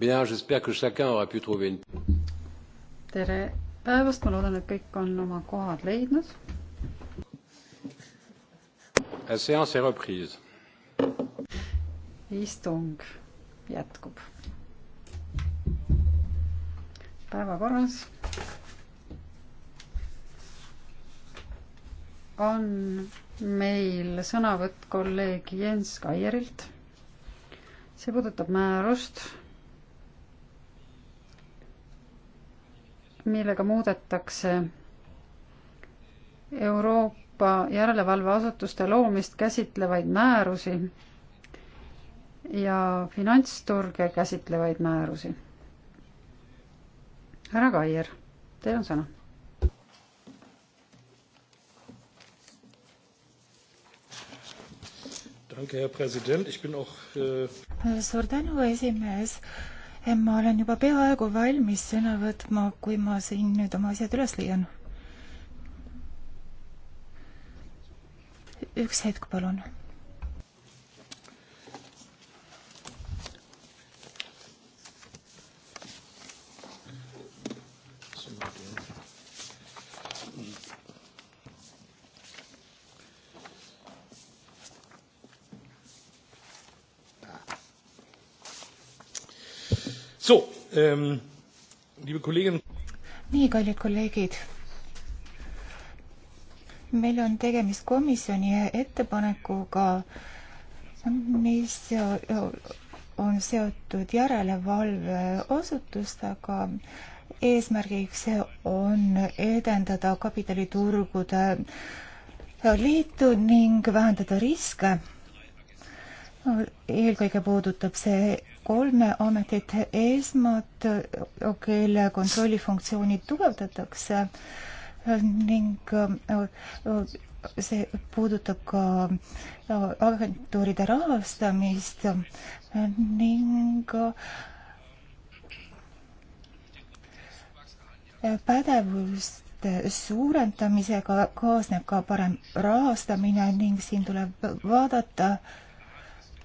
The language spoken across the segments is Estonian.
Bien, j'espère que chacun aura pu trouver une... tere päevast, ma loodan, et kõik on oma kohad leidnud. La séance est reprise. istung jätkub. päevakorras on meil sõnavõtt kolleeg Jens Kaierilt. see puudutab määrust millega muudetakse Euroopa järelevalveasutuste loomist käsitlevaid määrusi ja finantsturge käsitlevaid määrusi. härra Kaier, teil on sõna Danke, Herr Präsident. Ich bin auch. Äh Suur tänu, esimees ma olen juba peaaegu valmis sõna võtma, kui ma siin nüüd oma asjad üles leian. üks hetk, palun ähm,. nii, kallid kolleegid. meil on tegemist komisjoni ettepanekuga, mis on seotud järelevalveasutustega eesmärgiks on edendada kapitaliturgude liitu ning vähendada riske. eelkõige puudutab see kolme ametit esmad, kelle kontrollifunktsioonid tugevdatakse ning see puudutab ka agentuuride rahastamist ning pädevuste suurendamisega kaasneb ka parem rahastamine ning siin tuleb vaadata äh,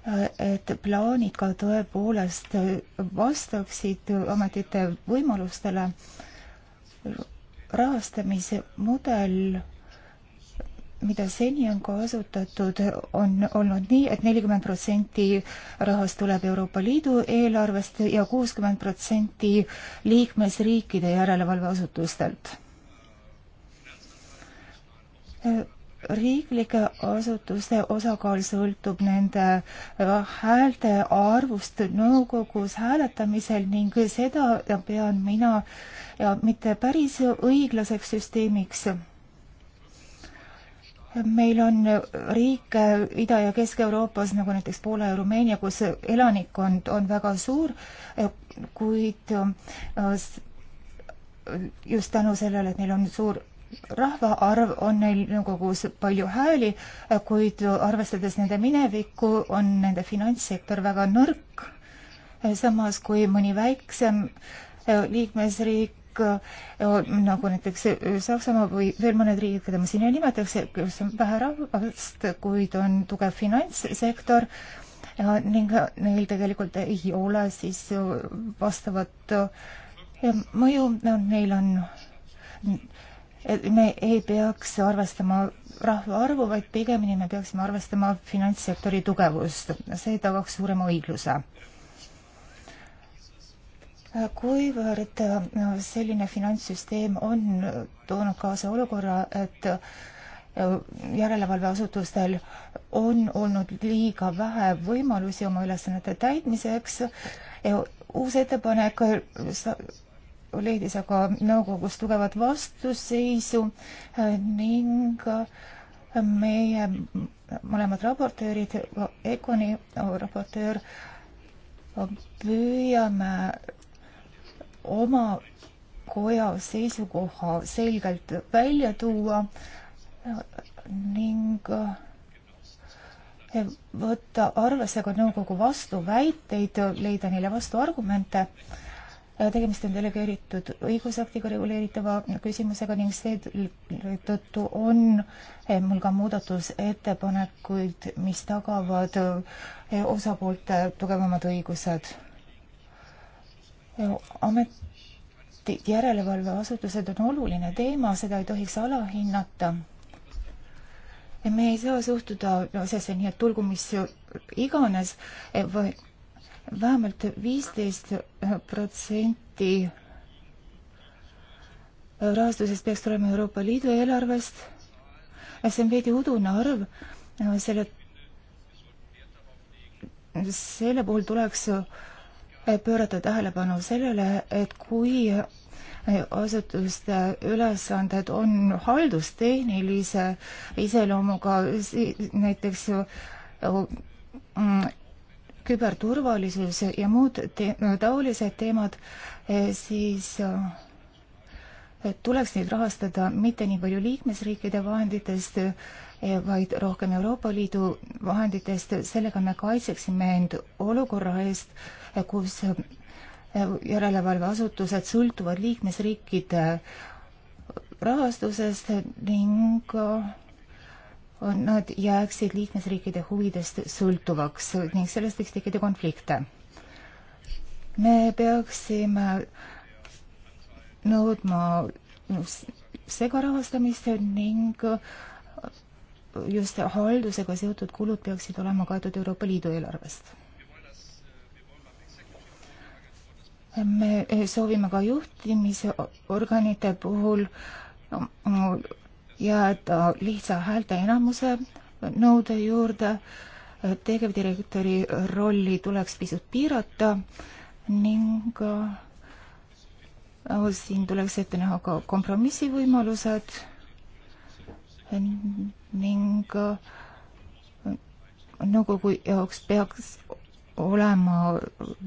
et plaanid ka tõepoolest vastaksid ametite võimalustele. rahastamise mudel, mida seni on kasutatud, on olnud nii et, et nelikümmend protsenti rahast tuleb Euroopa Liidu eelarvest ja kuuskümmend protsenti liikmesriikide järelevalveasutustelt riiklike asutuste osakaal sõltub nende äh, häälte arvust nõukogus hääletamisel ning seda pean mina ja mitte päris õiglaseks süsteemiks. meil on riike Ida- ja Kesk-Euroopas, nagu näiteks Poola ja Rumeenia, kus elanikkond on väga suur, äh, kuid äh, just tänu sellele, et neil on suur rahvaarv on neil nõukogus palju hääli, kuid arvestades nende minevikku, on nende finantssektor väga nõrk. samas kui mõni väiksem eh, liikmesriik eh, nagu näiteks Saksamaa või veel mõned riigid, keda ma siin ei nimetaks, kus on vähe rahvast, kuid on tugev finantssektor eh, ning neil tegelikult ei ole siis vastavat mõju, neil on me ei peaks arvestama rahvaarvu, vaid pigemini me peaksime arvestama finantssektori tugevust. see tagaks suurema õigluse. kuivõrd äh, selline finantssüsteem on toonud kaasa olukorra, et äh, järelevalveasutustel on olnud liiga vähe võimalusi oma ülesannete täitmiseks. Äh, uus ettepanek leidis aga nõukogus tugevat vastuseisu äh, ning äh, meie mõlemad raportöörid, Econi raportöör, püüame oma koja seisukoha selgelt välja tuua ning äh, võtta arvesse ka nõukogu vastuväiteid, leida neile vastuargumente Äh, tegemist on delegeeritud õigusaktiga reguleeritava küsimusega ning seetõttu on äh, mul ka muudatusettepanekuid, mis tagavad äh, osapoolte tugevamad õigused. ametid, järelevalveasutused on oluline teema, seda ei tohiks alahinnata. me ei saa suhtuda asjasse nii, et tulgu mis iganes, vähemalt viisteist protsenti rahastusest peaks tulema Euroopa Liidu eelarvest. see on veidi udune arv, selle, selle puhul tuleks pöörata tähelepanu sellele, et kui asutuste ülesanded on haldustehnilise iseloomuga, näiteks mm, küberturvalisus ja muud te taolised teemad, eh, siis eh, tuleks neid rahastada mitte nii palju liikmesriikide vahenditest, eh, vaid rohkem Euroopa Liidu vahenditest, sellega me kaitseksime end olukorra eest, kus järelevalveasutused sõltuvad liikmesriikide rahastusest ning nad jääksid liikmesriikide huvidest sõltuvaks ning sellest võiks tekkida konflikte. me peaksime nõudma segarahastamist ning just haldusega seotud kulud peaksid olema kaetud Euroopa Liidu eelarvest. me soovime ka juhtimisorganite puhul jääda äh, lihtsa häälteenamuse nõude juurde, äh, tegevdirektori rolli tuleks pisut piirata ning äh, siin tuleks ette näha ka kompromissivõimalused ning nõukogu jaoks peaks olema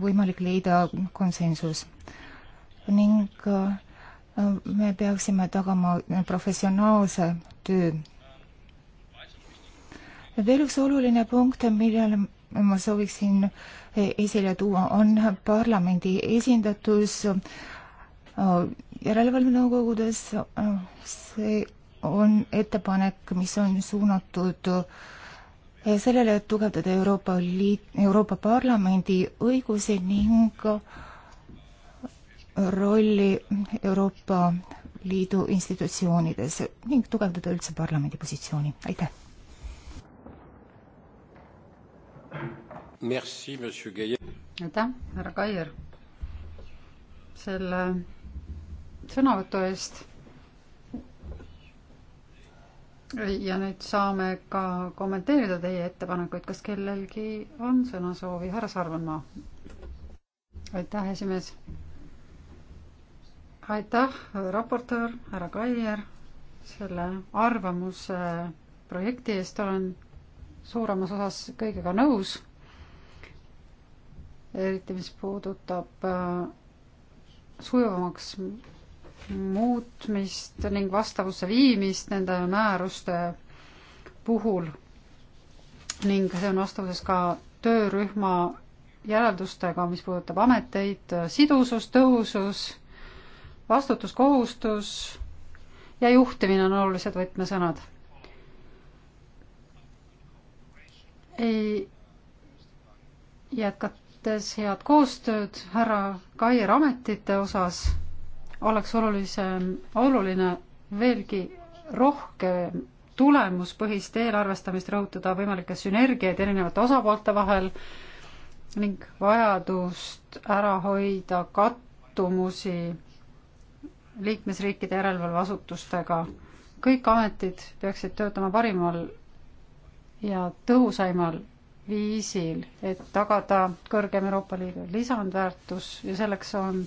võimalik leida konsensus ning me peaksime tagama professionaalse töö. veel üks oluline punkt, millele ma sooviksin esile tuua, on parlamendi esindatus järelevalvenõukogudes. see on ettepanek, mis on suunatud sellele, et tugevdada Euroopa Liit, Euroopa Parlamendi õigusi ning rolli Euroopa Liidu institutsioonides ning tugevdada üldse parlamendi positsiooni, aitäh! aitäh, härra Kaier, selle sõnavõtu eest. ja nüüd saame ka kommenteerida teie ettepanekuid, kas kellelgi on sõnasoovi, härra Sarvenmaa? aitäh, esimees aitäh, raportöör härra Kaier, selle arvamuse projekti eest olen suuremas osas kõigega nõus. eriti, mis puudutab äh, sujuvamaks muutmist ning vastavusse viimist nende määruste puhul. ning see on vastavuses ka töörühma järeldustega, mis puudutab ameteid, äh, sidusus, tõhusus vastutuskohustus ja juhtimine on olulised võtmesõnad. ei, jätkata mõttes head koostööd härra Kair ametite osas oleks olulisem, oluline veelgi rohkem tulemuspõhist eelarvestamist rõhutada, võimalikke sünergiaid erinevate osapoolte vahel ning vajadust ära hoida kattumusi liikmesriikide järelevalveasutustega. kõik ametid peaksid töötama parimal ja tõhusaimal viisil, et tagada kõrgem Euroopa Liidu lisandväärtus ja selleks on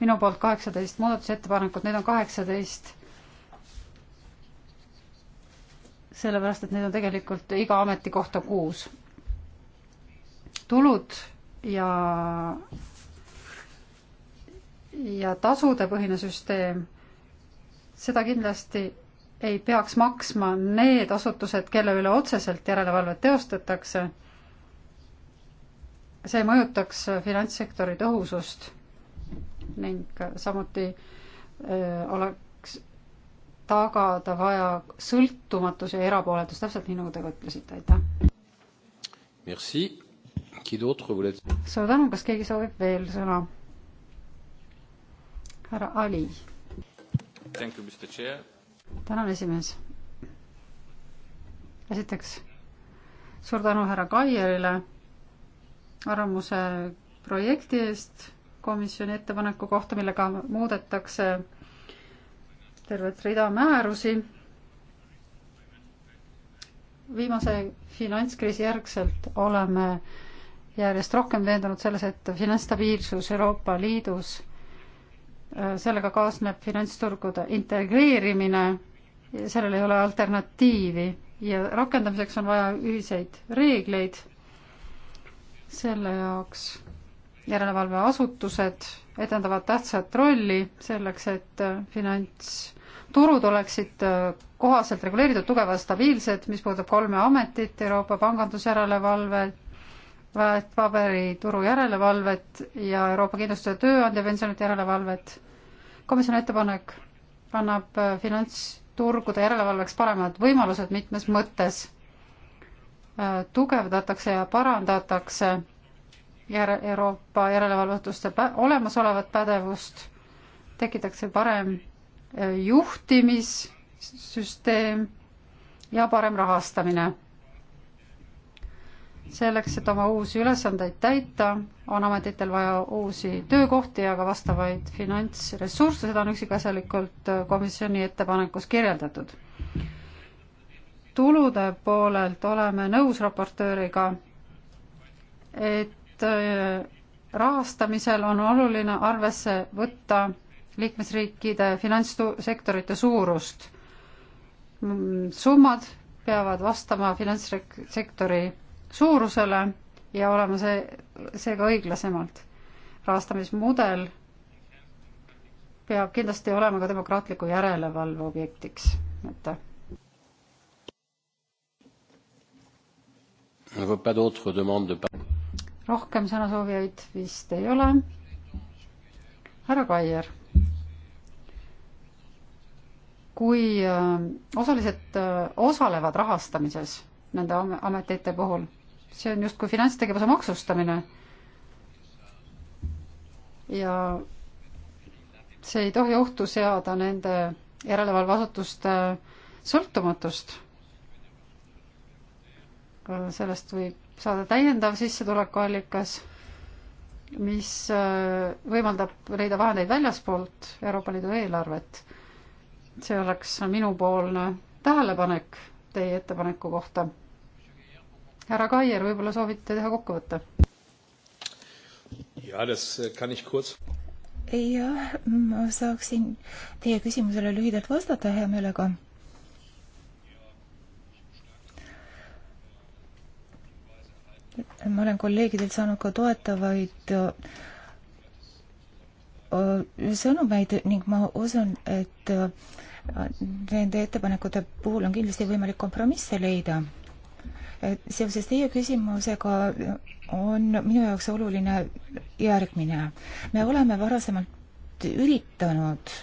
minu poolt kaheksateist muudatusettepanekut, neid on kaheksateist sellepärast, et need on tegelikult iga ameti kohta kuus. tulud ja ja tasudepõhine süsteem, seda kindlasti ei peaks maksma need asutused, kelle üle otseselt järelevalvet teostatakse. see mõjutaks finantssektori tõhusust ning samuti öö, äh, oleks tagada vaja sõltumatus ja erapooletus, täpselt nii, nagu te ka ütlesite, aitäh. Merci. suur tänu, kas keegi soovib veel sõna? härra Ali. tänan, esimees. esiteks suur tänu härra Kaierile arvamuse projekti eest komisjoni ettepaneku kohta, millega muudetakse tervet rida määrusi. viimase finantskriisi järgselt oleme järjest rohkem veendunud selles, et finantsstabiilsus Euroopa Liidus Äh, sellega kaasneb finantsturgude integreerimine, sellel ei ole alternatiivi ja rakendamiseks on vaja ühiseid reegleid selle jaoks järelevalveasutused edendavad tähtsat rolli selleks, et äh, finantsturud oleksid äh, kohaselt reguleeritud, tugevad, stabiilsed, mis puudutab kolme ametit, Euroopa pangandusjärelevalvet, väärtpaberituru järelevalvet ja Euroopa Kindlustuse tööandja pensionite järelevalvet. komisjoni ettepanek annab äh, finantsturgude järelevalveks paremad võimalused mitmes mõttes. Äh, tugevdatakse ja parandatakse järe-, Euroopa järelevalvetuste pä-, olemasolevat pädevust, tekitakse parem äh, juhtimissüsteem ja parem rahastamine selleks, et oma uusi ülesandeid täita, on ametitel vaja uusi töökohti ja ka vastavaid finantsressursse, seda on üksikasjalikult äh, komisjoni ettepanekus kirjeldatud. tulude poolelt oleme nõus raportööriga, et äh, rahastamisel on oluline arvesse võtta liikmesriikide finantssektorite suurust. Mm, summad peavad vastama finantssektori suurusele ja olema see, seega õiglasemalt. rahastamismudel peab kindlasti olema ka demokraatliku järelevalve objektiks, aitäh. rohkem sõnasoovijaid vist ei ole. härra Kaier. kui äh, osalised äh, osalevad rahastamises nende ametite puhul see on justkui finantstegevuse maksustamine. ja see ei tohi ohtu seada nende järelevalveasutuste sõltumatust. sellest võib saada täiendav sissetulekuallikas, mis äh, võimaldab leida vahendeid väljaspoolt Euroopa Liidu eelarvet. see oleks minupoolne tähelepanek teie ettepaneku kohta härra Kaier, võib-olla soovite teha kokkuvõtte? Äh, jah, ma saaksin teie küsimusele lühidalt vastata hea meelega. ma olen kolleegidelt saanud ka toetavaid äh, sõnumeid ning ma usun, et äh, nende ettepanekute puhul on kindlasti võimalik kompromisse leida seoses teie küsimusega on minu jaoks oluline järgmine. me oleme varasemalt üritanud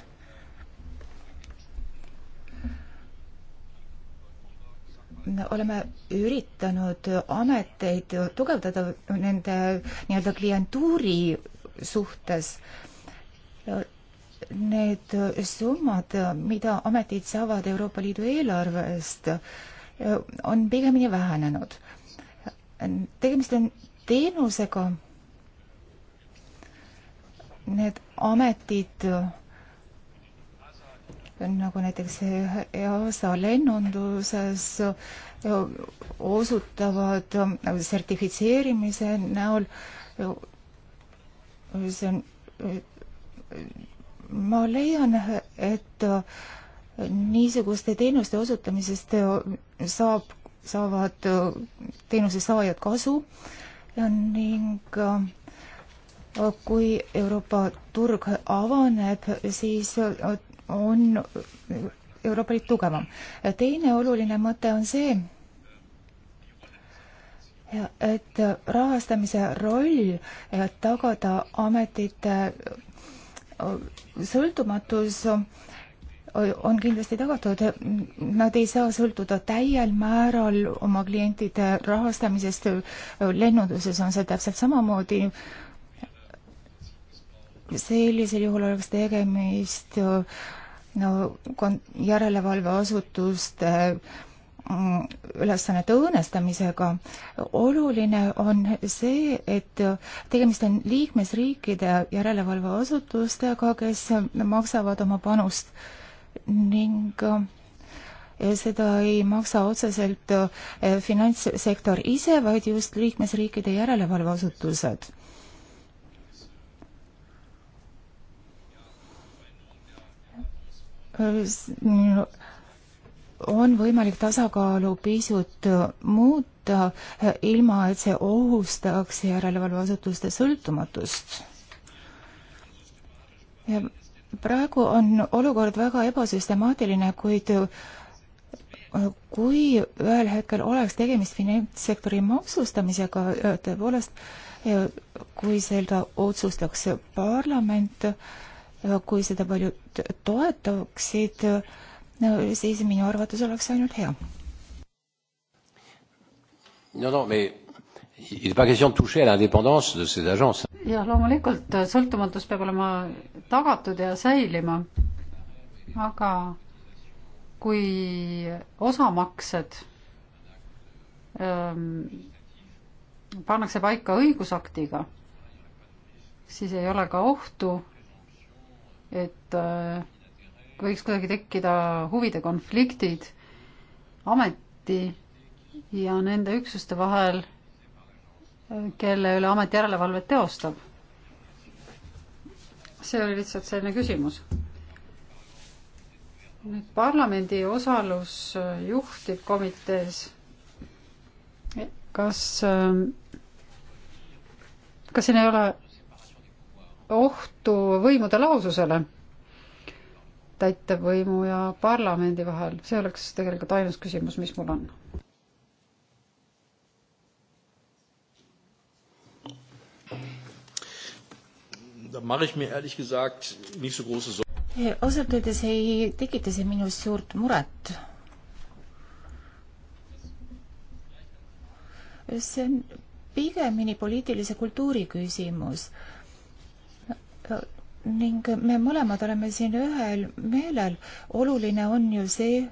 oleme üritanud ameteid tugevdada nende nii-öelda klientuuri suhtes. Need summad, mida ametid saavad Euroopa Liidu eelarvest, Äh, on pigemini vähenenud. tegemist on teenusega. Need ametid nagu näiteks EASA lennunduses osutavad sertifitseerimise näol, see on, ma leian, et niisuguste teenuste osutamisest eh, saab, saavad eh, teenuse saajad kasu ning eh, kui Euroopa turg avaneb, siis on Euroopa Liit tugevam. teine oluline mõte on see, et rahastamise roll tagada ametite sõltumatus on kindlasti tagatud, nad ei saa sõltuda täiel määral oma klientide rahastamisest, lennunduses on see täpselt samamoodi, sellisel juhul oleks tegemist no kon-, järelevalveasutuste mm, ülesannete õõnestamisega. oluline on see, et tegemist on liikmesriikide järelevalveasutustega, kes maksavad oma panust äh, ning eh, seda ei maksa otseselt eh, finantssektor ise, vaid just liikmesriikide järelevalveasutused. on võimalik tasakaalu pisut eh, muuta, ilma et see ohustaks järelevalveasutuste sõltumatust ja praegu on olukord väga ebasüstemaatiline, kuid äh, kui ühel hetkel oleks tegemist finantssektori maksustamisega, äh, tõepoolest, kui seda otsustaks parlament, kui seda paljud toetaksid, äh, siis minu arvates oleks see ainult hea. no no me jah, loomulikult äh, sõltumatus peab olema tagatud ja säilima, aga kui osamaksed ähm, pannakse paika õigusaktiga, siis ei ole ka ohtu, et äh, võiks kuidagi tekkida huvide konfliktid ameti ja nende üksuste vahel kelle üle amet järelevalvet teostab. see oli lihtsalt selline küsimus. nüüd parlamendi osalus juhtivkomitees, kas, kas siin ei ole ohtu võimude laususele täitevvõimu ja parlamendi vahel, see oleks tegelikult ainus küsimus, mis mul on da mache ich mir ehrlich gesagt nicht so große Sorgen. ausalt öeldes ei tekita see minus suurt muret. see on pigemini poliitilise kultuuri küsimus. ning me mõlemad oleme siin ühel meelel. oluline on ju see,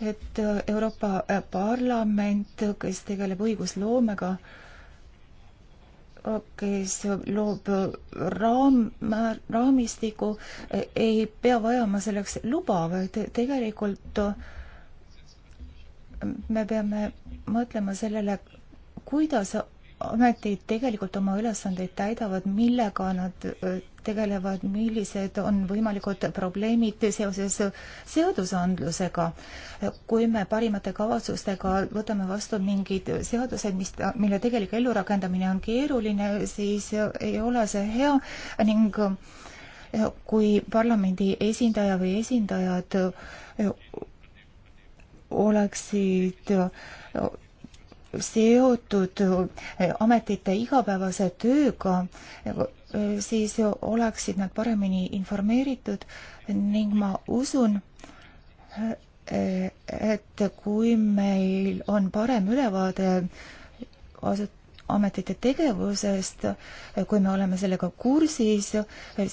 et Euroopa Parlament, kes tegeleb õigusloomega, kes loob raam, raamistiku, ei pea vajama selleks luba, vaid tegelikult me peame mõtlema sellele, kuidas ametid tegelikult oma ülesandeid täidavad, millega nad tegelevad, millised on võimalikud probleemid seoses seadusandlusega. kui me parimate kavatsustega võtame vastu mingid seadused, mis, mille tegelik ellurakendamine on keeruline, siis ei ole see hea ning kui parlamendi esindaja või esindajad oleksid seotud ametite igapäevase tööga Äh, siis oleksid nad paremini informeeritud ning ma usun, äh, et kui meil on parem ülevaade asut-, ametite tegevusest, äh, kui me oleme sellega kursis,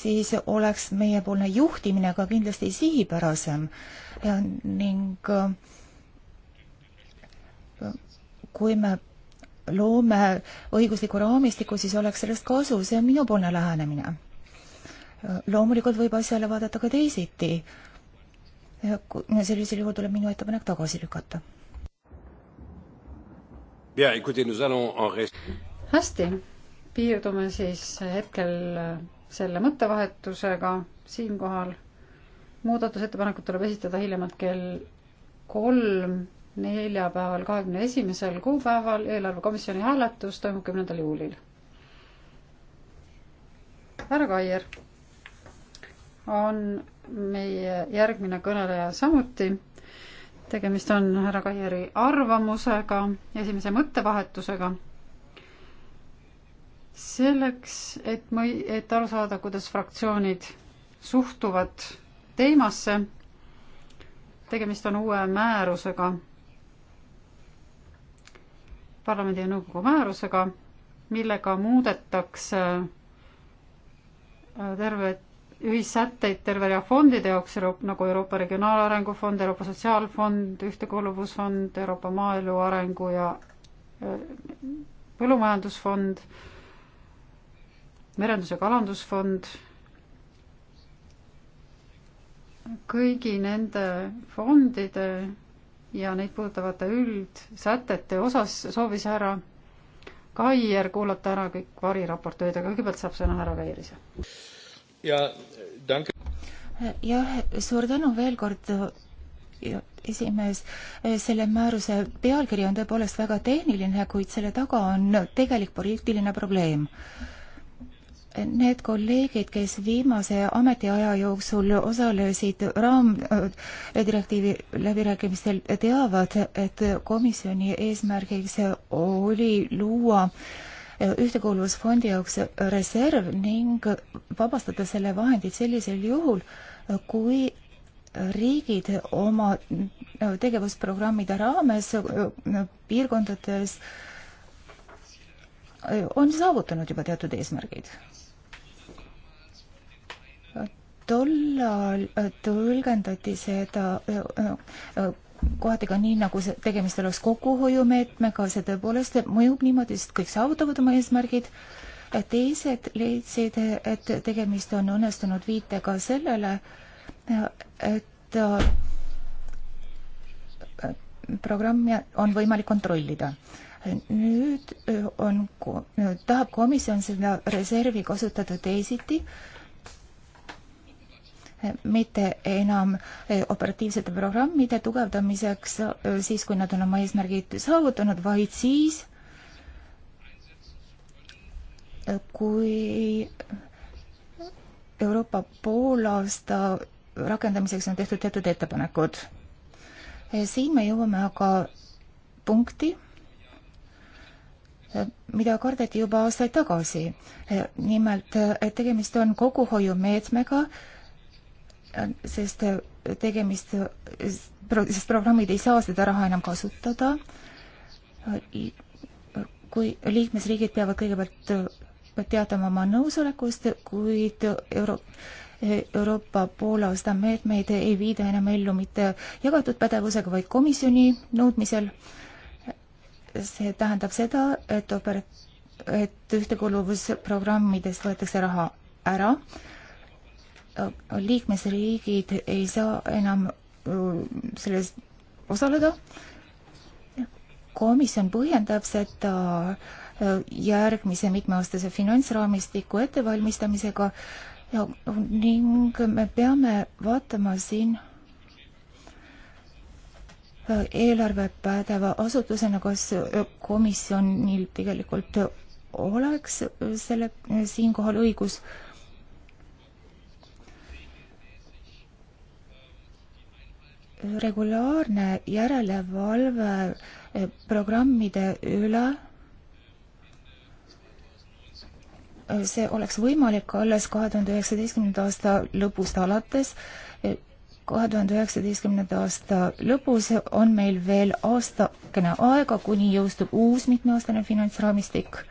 siis oleks meiepoolne juhtimine ka kindlasti sihipärasem ja ning kui me loome õigusliku raamistiku, siis oleks sellest kasu, see on minupoolne lähenemine. loomulikult võib asjale vaadata ka teisiti. sellisel juhul tuleb minu ettepanek tagasi lükata. hästi, piirdume siis hetkel selle mõttevahetusega siinkohal. muudatusettepanekud tuleb esitada hiljemalt kell kolm neljapäeval, kahekümne esimesel kuupäeval eelarvekomisjoni hääletus toimub kümnendal juulil. härra Kaier on meie järgmine kõneleja samuti. tegemist on härra Kaieri arvamusega, esimese mõttevahetusega. selleks, et mõi-, et aru saada, kuidas fraktsioonid suhtuvad teemasse, tegemist on uue määrusega parlamendi ja nõukogu määrusega, millega muudetakse äh, tervet ühissätteid terve rea fondide jaoks, nagu Euroopa Regionaalarengu Fond, Euroopa Sotsiaalfond, Ühtekuuluvusfond, Euroopa Maaelu Arengu ja äh, Põllumajandusfond, Merendus- ja Kalandusfond, kõigi nende fondide ja neid puudutavate üldsätete osas soovis härra Kaier kuulata ära kõik variraportööd, aga kõigepealt saab sõna härra Veerise. ja tänke. jah, suur tänu veel kord esimees, selle määruse pealkiri on tõepoolest väga tehniline, kuid selle taga on tegelik poliitiline probleem need kolleegid, kes viimase ametiaja jooksul osalesid raamdirektiivi äh, läbirääkimistel, teavad, et komisjoni eesmärgiks oli luua äh, ühtekuuluvusfondi jaoks reserv ning vabastada selle vahendid sellisel juhul, kui riigid oma äh, tegevusprogrammide raames piirkondades on saavutanud juba teatud eesmärgid tollal äh, tõlgendati seda äh, äh, kohati ka nii, nagu see tegemist oleks kokkuhoiumeetmega, see tõepoolest mõjub niimoodi, sest kõik saavutavad oma eesmärgid. teised leidsid, et tegemist on õnnestunud viitega sellele, et programmi on võimalik kontrollida nüüd on, tahab komisjon seda reservi kasutada teisiti mitte enam eh, operatiivsete programmide tugevdamiseks eh, siis, kui nad on oma eesmärgid saavutanud, vaid siis, eh, kui Euroopa poolaasta rakendamiseks on tehtud teatud ettepanekud. siin me jõuame aga punkti, mida kardeti juba aastaid tagasi. nimelt, et tegemist on kokkuhoiumeetmega, sest äh, tegemist, sest programmid ei saa seda raha enam kasutada. Äh, kui liikmesriigid peavad kõigepealt äh, teatama oma nõusolekust, kuid euro-, Euroopa poolaasta meetmeid ei viida enam ellu mitte jagatud pädevusega, vaid komisjoni nõudmisel. see tähendab seda, et oper-, et ühtekuuluvusprogrammidest võetakse raha ära äh, liikmesriigid ei saa enam äh, selles osaleda. komisjon põhjendab seda äh, järgmise mitmeaastase finantsraamistiku ettevalmistamisega ja ning me peame vaatama siin äh, eelarvepädeva asutusena, kas komisjonil tegelikult oleks selle siinkohal õigus äh, regulaarne järelevalve eh, programmide üle eh, see oleks võimalik alles kahe tuhande üheksateistkümnenda aasta lõpust alates. Eh, kahe tuhande üheksateistkümnenda aasta lõpus on meil veel aastakene aega, kuni jõustub uus mitmeaastane finantsraamistik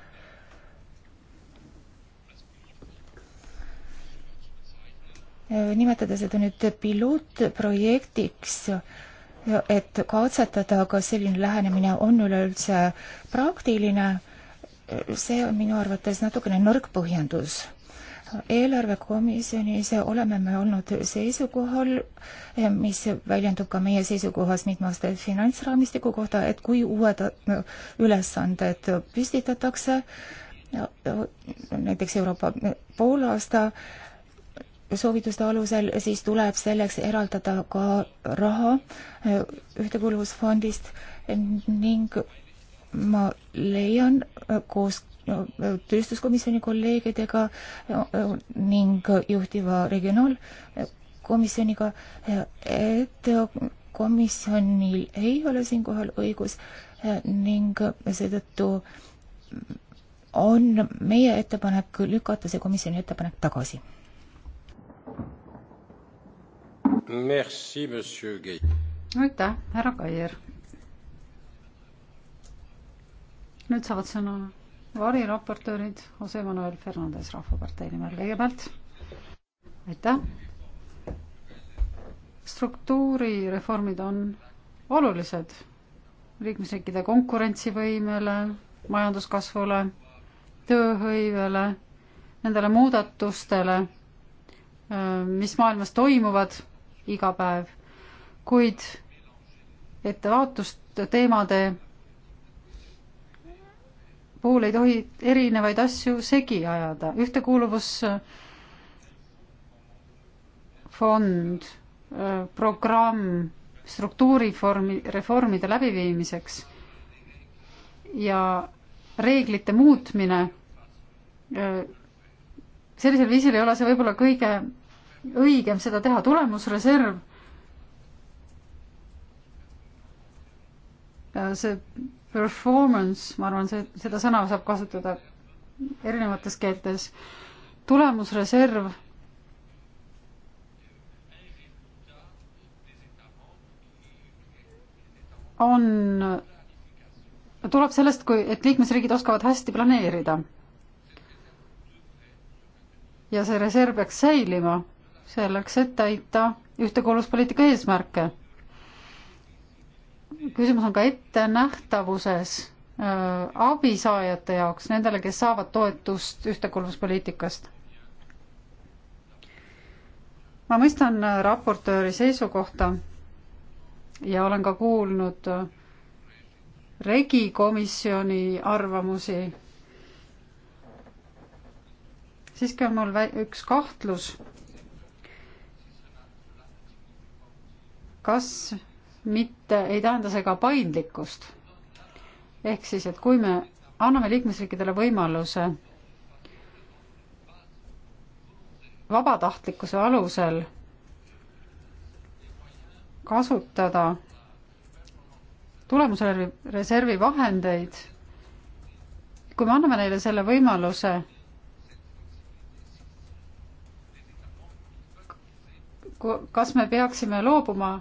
Äh, nimetada seda nüüd pilootprojektiks, et katsetada, kas selline lähenemine on üleüldse praktiline, see on minu arvates natukene nõrk põhjendus. eelarvekomisjonis oleme me olnud seisukohal, eh, mis väljendub ka meie seisukohas mitmeaasta finantsraamistiku kohta, et kui uued eh, ülesanded püstitatakse, eh, näiteks Euroopa poolaasta, soovituste alusel, siis tuleb selleks eraldada ka raha äh, ühtekuuluvusfondist ning ma leian äh, koos äh, tööstuskomisjoni kolleegidega ning juhtiva regionaalkomisjoniga, et komisjonil ei ole siinkohal õigus ning seetõttu on meie ettepanek lükata see komisjoni ettepanek tagasi aitäh, härra Kaier. nüüd saavad sõna variraportöörid Jose Manuel Fernandez Rahvapartei nimel kõigepealt. aitäh. struktuurireformid on olulised liikmesriikide konkurentsivõimele, majanduskasvule, tööhõivele, nendele muudatustele, mis maailmas toimuvad iga päev, kuid ettevaatust teemade puhul ei tohi erinevaid asju segi ajada. ühtekuuluvusfond, äh, programm struktuuriformi, reformide läbiviimiseks ja reeglite muutmine, äh, sellisel viisil ei ole see võib-olla kõige õigem seda teha, tulemusreserv. see performance, ma arvan, see, seda sõna saab kasutada erinevates keeltes. tulemusreserv on, tuleb sellest, kui, et liikmesriigid oskavad hästi planeerida. ja see reserv peaks säilima selleks, et täita ühtekuuluvuspoliitika eesmärke. küsimus on ka ettenähtavuses äh, abisaajate jaoks, nendele, kes saavad toetust ühtekuuluvuspoliitikast. ma mõistan äh, raportööri seisukohta ja olen ka kuulnud äh, regikomisjoni arvamusi. siiski on mul üks kahtlus kas mitte ei tähenda see ka paindlikkust? ehk siis, et kui me anname liikmesriikidele võimaluse vabatahtlikkuse alusel kasutada tulemusreservi vahendeid, kui me anname neile selle võimaluse, kas me peaksime loobuma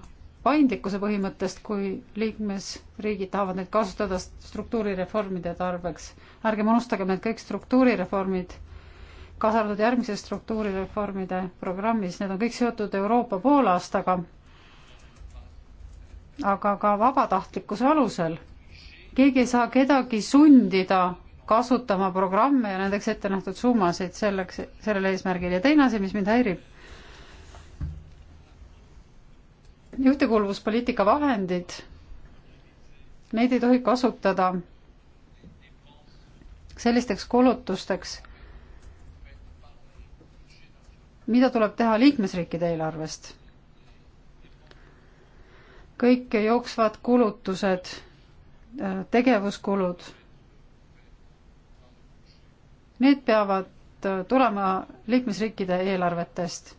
paindlikkuse põhimõttest, kui liikmesriigid tahavad neid kasutada struktuurireformide tarbeks. ärgem unustagem, et kõik struktuurireformid, kaasa arvatud järgmises struktuurireformide programmis, need on kõik seotud Euroopa poolaastaga, aga ka vabatahtlikkuse alusel. keegi ei saa kedagi sundida kasutama programme ja nendeks ette nähtud summasid selleks, sellel eesmärgil ja teine asi, mis mind häirib ühtekuuluvuspoliitika vahendid, neid ei tohi kasutada sellisteks kulutusteks, mida tuleb teha liikmesriikide eelarvest. kõik jooksvad kulutused, äh, tegevuskulud, need peavad äh, tulema liikmesriikide eelarvetest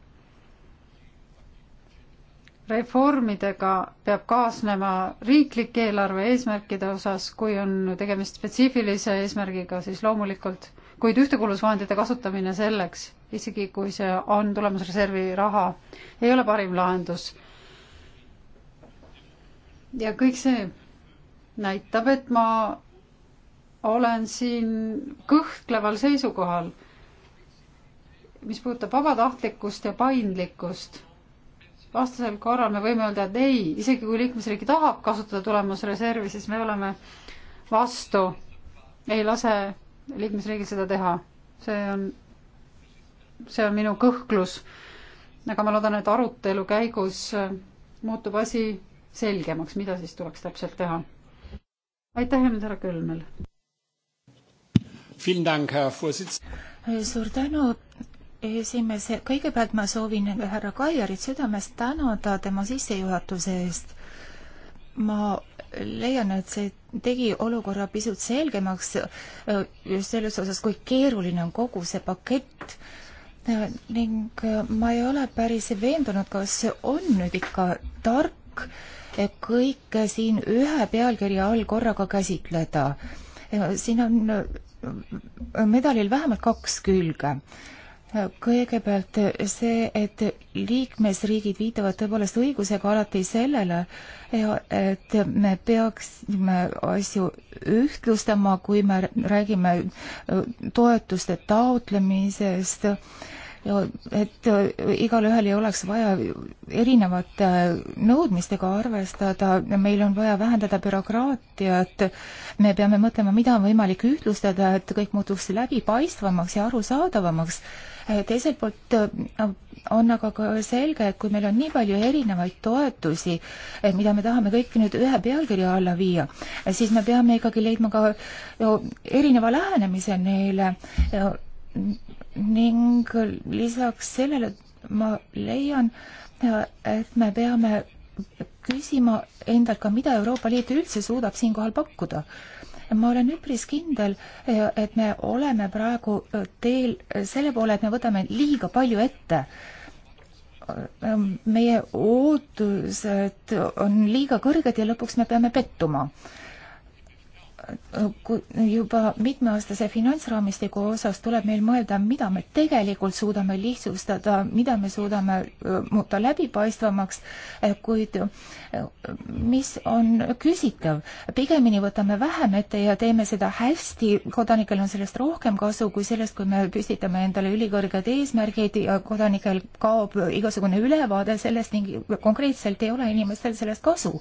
reformidega peab kaasnema riiklik eelarve eesmärkide osas, kui on tegemist spetsiifilise eesmärgiga, siis loomulikult, kuid ühtekuuluvusvahendite kasutamine selleks, isegi kui see on tulemusreservi raha, ei ole parim lahendus. ja kõik see näitab, et ma olen siin kõhkleval seisukohal, mis puudutab vabatahtlikkust ja paindlikkust vastasel korral me võime öelda, et ei, isegi kui liikmesriik tahab kasutada tulemusreservi, siis me oleme vastu, ei lase liikmesriigil seda teha. see on, see on minu kõhklus. aga ma loodan, et arutelu käigus muutub asi selgemaks, mida siis tuleks täpselt teha. aitäh, Helmut härra Kölmel! suur tänu, esimees, kõigepealt ma soovin härra Kaiarit südamest tänada tema sissejuhatuse eest. ma leian, et see tegi olukorra pisut selgemaks äh, just selles osas, kui keeruline on kogu see pakett äh, ning äh, ma ei ole päris veendunud, kas on nüüd ikka tark kõike siin ühe pealkirja all korraga käsitleda. siin on medalil vähemalt kaks külge kõigepealt see, et liikmesriigid viitavad tõepoolest õigusega alati sellele, et me peaksime asju ühtlustama, kui me räägime toetuste taotlemisest, et igalühel ei oleks vaja erinevate nõudmistega arvestada, meil on vaja vähendada bürokraatiat, me peame mõtlema, mida on võimalik ühtlustada, et kõik muutuks läbipaistvamaks ja arusaadavamaks teiselt poolt äh, on aga ka selge, et kui meil on nii palju erinevaid toetusi, eh, mida me tahame kõiki nüüd ühe pealkirja alla viia, eh, siis me peame ikkagi leidma ka erineva lähenemise neile ning lisaks sellele ma leian, et me peame küsima endalt ka, mida Euroopa Liit üldse suudab siinkohal pakkuda ma olen üpris kindel, eh, et me oleme praegu eh, teel eh, selle poole, et me võtame liiga palju ette meie ootused on liiga kõrged ja lõpuks me peame pettuma juba mitmeaastase finantsraamistiku osas tuleb meil mõelda, mida me tegelikult suudame lihtsustada, mida me suudame muuta läbipaistvamaks, eh, kuid eh, mis on küsitav. pigemini võtame vähem ette ja teeme seda hästi, kodanikel on sellest rohkem kasu kui sellest, kui me püstitame endale ülikõrged eesmärgid ja kodanikel kaob igasugune ülevaade sellest ning konkreetselt ei ole inimestel sellest kasu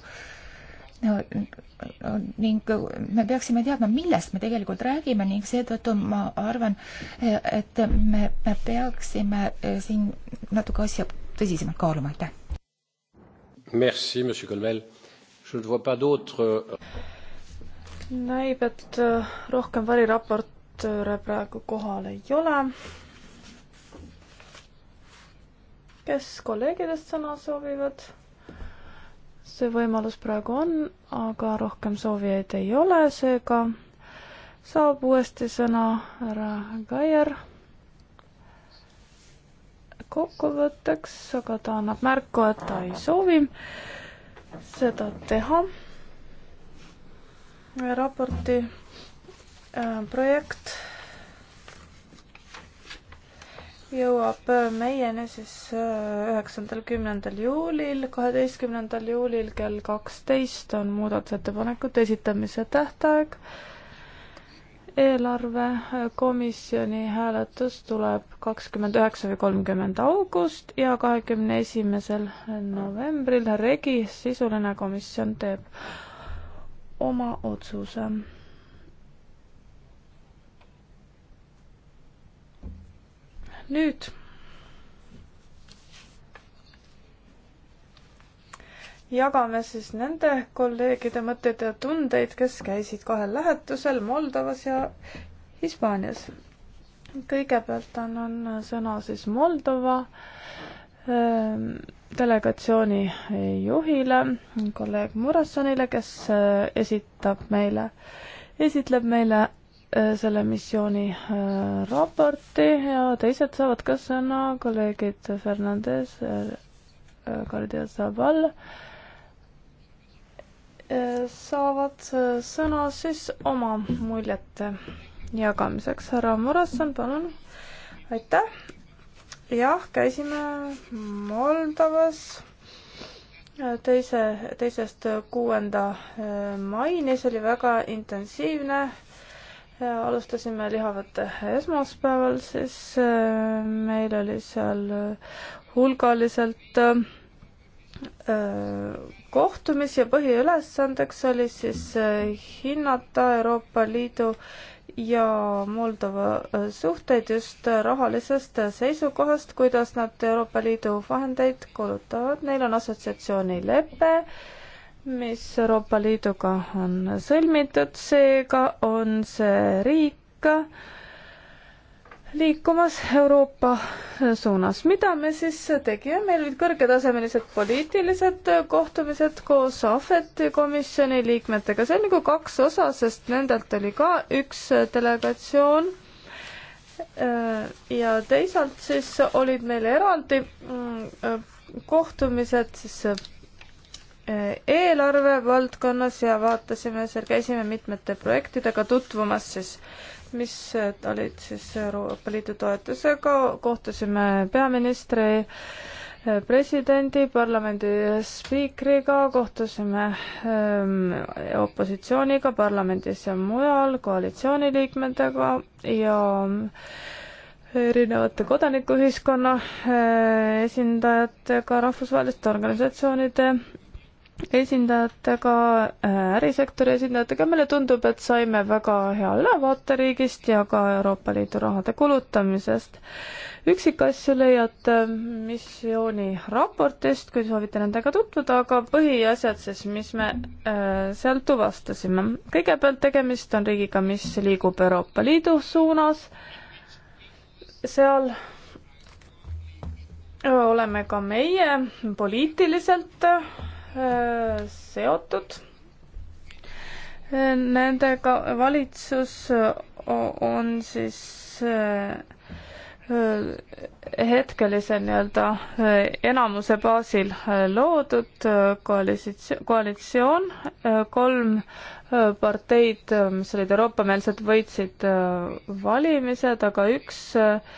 ning me peaksime teadma, millest me tegelikult räägime ning seetõttu ma arvan, et me, me peaksime eh, siin natuke asja tõsisemalt kaaluma, aitäh. Merci, monsieur Colmel. Je ne vois pas d'autres. Euh, näib, et äh, rohkem variraportööre praegu kohal ei ole. kes kolleegidest sõna soovivad? see võimalus praegu on, aga rohkem soovijaid ei ole, seega saab uuesti sõna härra Kaier kokkuvõtteks, aga ta annab märku, et ta ei soovi seda teha. raporti äh, projekt jõuab meieni siis äh, üheksandal, kümnendal juulil, kaheteistkümnendal juulil kell kaksteist on muudatusettepanekute esitamise tähtaeg. eelarvekomisjoni äh, hääletus tuleb kakskümmend üheksa või kolmkümmend august ja kahekümne esimesel novembril Regi sisuline komisjon teeb oma otsuse nüüd jagame siis nende kolleegide mõtteid ja tundeid, kes käisid kahel lähetusel Moldovas ja Hispaanias. kõigepealt annan sõna siis Moldova ähm, delegatsiooni juhile, kolleeg Murassonile, kes äh, esitab meile, esitleb meile Äh, selle missiooni äh, raporti ja teised saavad ka sõna, kolleegid Fernandes, äh, Kardia Zabal saavad sõna siis oma muljete jagamiseks. härra Murasson, palun. aitäh. jah, käisime Moldovas teise, teisest kuuenda maini, see oli väga intensiivne Äh, alustasime lihavate esmaspäeval, siis äh, meil oli seal äh, hulgaliselt kohtumisi ja põhiülesandeks oli siis hinnata Euroopa Liidu ja Moldova suhteid just rahalisest seisukohast, kuidas nad Euroopa Liidu vahendeid kulutavad. Neil on assotsiatsioonilepe mis Euroopa Liiduga on sõlmitud, seega on see riik liikumas Euroopa suunas. mida me siis tegime? meil olid kõrgetasemelised poliitilised kohtumised koos Ahveti komisjoni liikmetega, see on nagu kaks osa, sest nendelt oli ka üks delegatsioon ja teisalt siis olid meil eraldi mm, kohtumised siis eelarve valdkonnas ja vaatasime seal, käisime mitmete projektidega tutvumas siis, mis olid siis Euroopa Liidu toetusega, kohtusime peaministri, presidendi, parlamendi spiikriga, kohtusime öö, ähm, opositsiooniga parlamendis ja mujal, koalitsiooniliikmetega ja erinevate kodanikuühiskonna äh, esindajatega, rahvusvaheliste organisatsioonide esindajatega, äh, ärisektori esindajatega, meile tundub, et saime väga hea ülevaate riigist ja ka Euroopa Liidu rahade kulutamisest. üksikasju leiate missiooni raportist, kui soovite nendega tutvuda, aga põhiasjad siis, mis me äh, seal tuvastasime. kõigepealt tegemist on riigiga, mis liigub Euroopa Liidu suunas, seal äh, oleme ka meie poliitiliselt Äh, seotud. Nendega valitsus on siis äh, hetkelise nii-öelda äh, enamuse baasil loodud koalitsioon, koalitsioon, kolm parteid, mis olid Euroopa-meelsed, võitsid valimised, aga üks äh,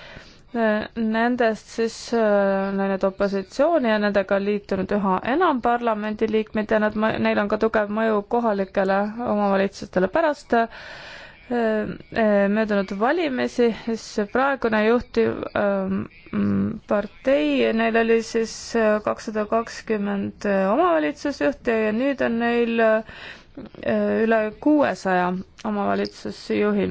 Nendest siis läinud äh, opositsiooni ja nendega liitunud üha enam parlamendiliikmeid ja nad, neil on ka tugev mõju kohalikele omavalitsustele pärast äh, äh, möödunud valimisi, siis praegune juhtiv ähm, partei, neil oli siis kakssada kakskümmend omavalitsusjuhti ja nüüd on neil üle kuuesaja omavalitsusjuhi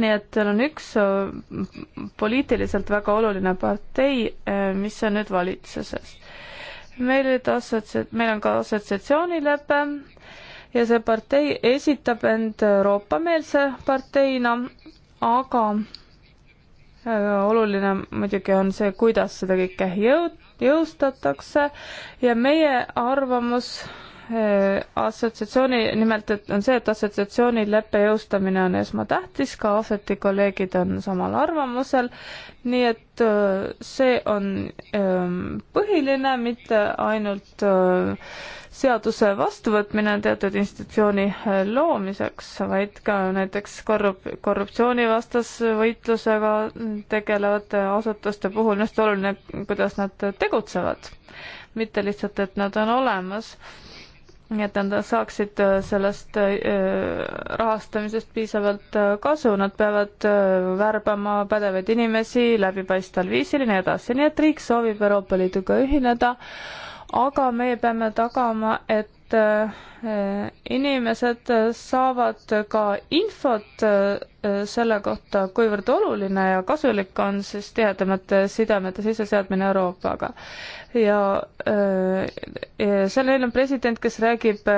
nii et teil on üks äh, poliitiliselt väga oluline partei, äh, mis on nüüd valitsuses. meil nüüd assotsia-, meil on ka assotsiatsioonilepe ja see partei esitab end Euroopa-meelse parteina, aga äh, oluline muidugi on see, kuidas seda kõike jõu-, jõustatakse ja meie arvamus Äh, assotsiatsiooni, nimelt et on see, et assotsiatsiooni leppe jõustamine on esmatähtis, ka Ahveti kolleegid on samal arvamusel, nii et äh, see on ähm, põhiline, mitte ainult äh, seaduse vastuvõtmine teatud institutsiooni loomiseks, vaid ka näiteks korrup-, korruptsioonivastase võitlusega tegelevate asutuste puhul on just oluline, kuidas nad tegutsevad mitte lihtsalt, et nad on olemas nii et nad saaksid äh, sellest äh, rahastamisest piisavalt äh, kasu, nad peavad värbama pädevaid inimesi läbipaistval viisil ja nii edasi, nii et riik soovib Euroopa Liiduga ühineda, aga meie peame tagama, et et äh, inimesed saavad ka infot äh, selle kohta, kuivõrd oluline ja kasulik on siis tihedamate sidemete sisseseadmine Euroopaga. ja äh, seal neil on president, kes räägib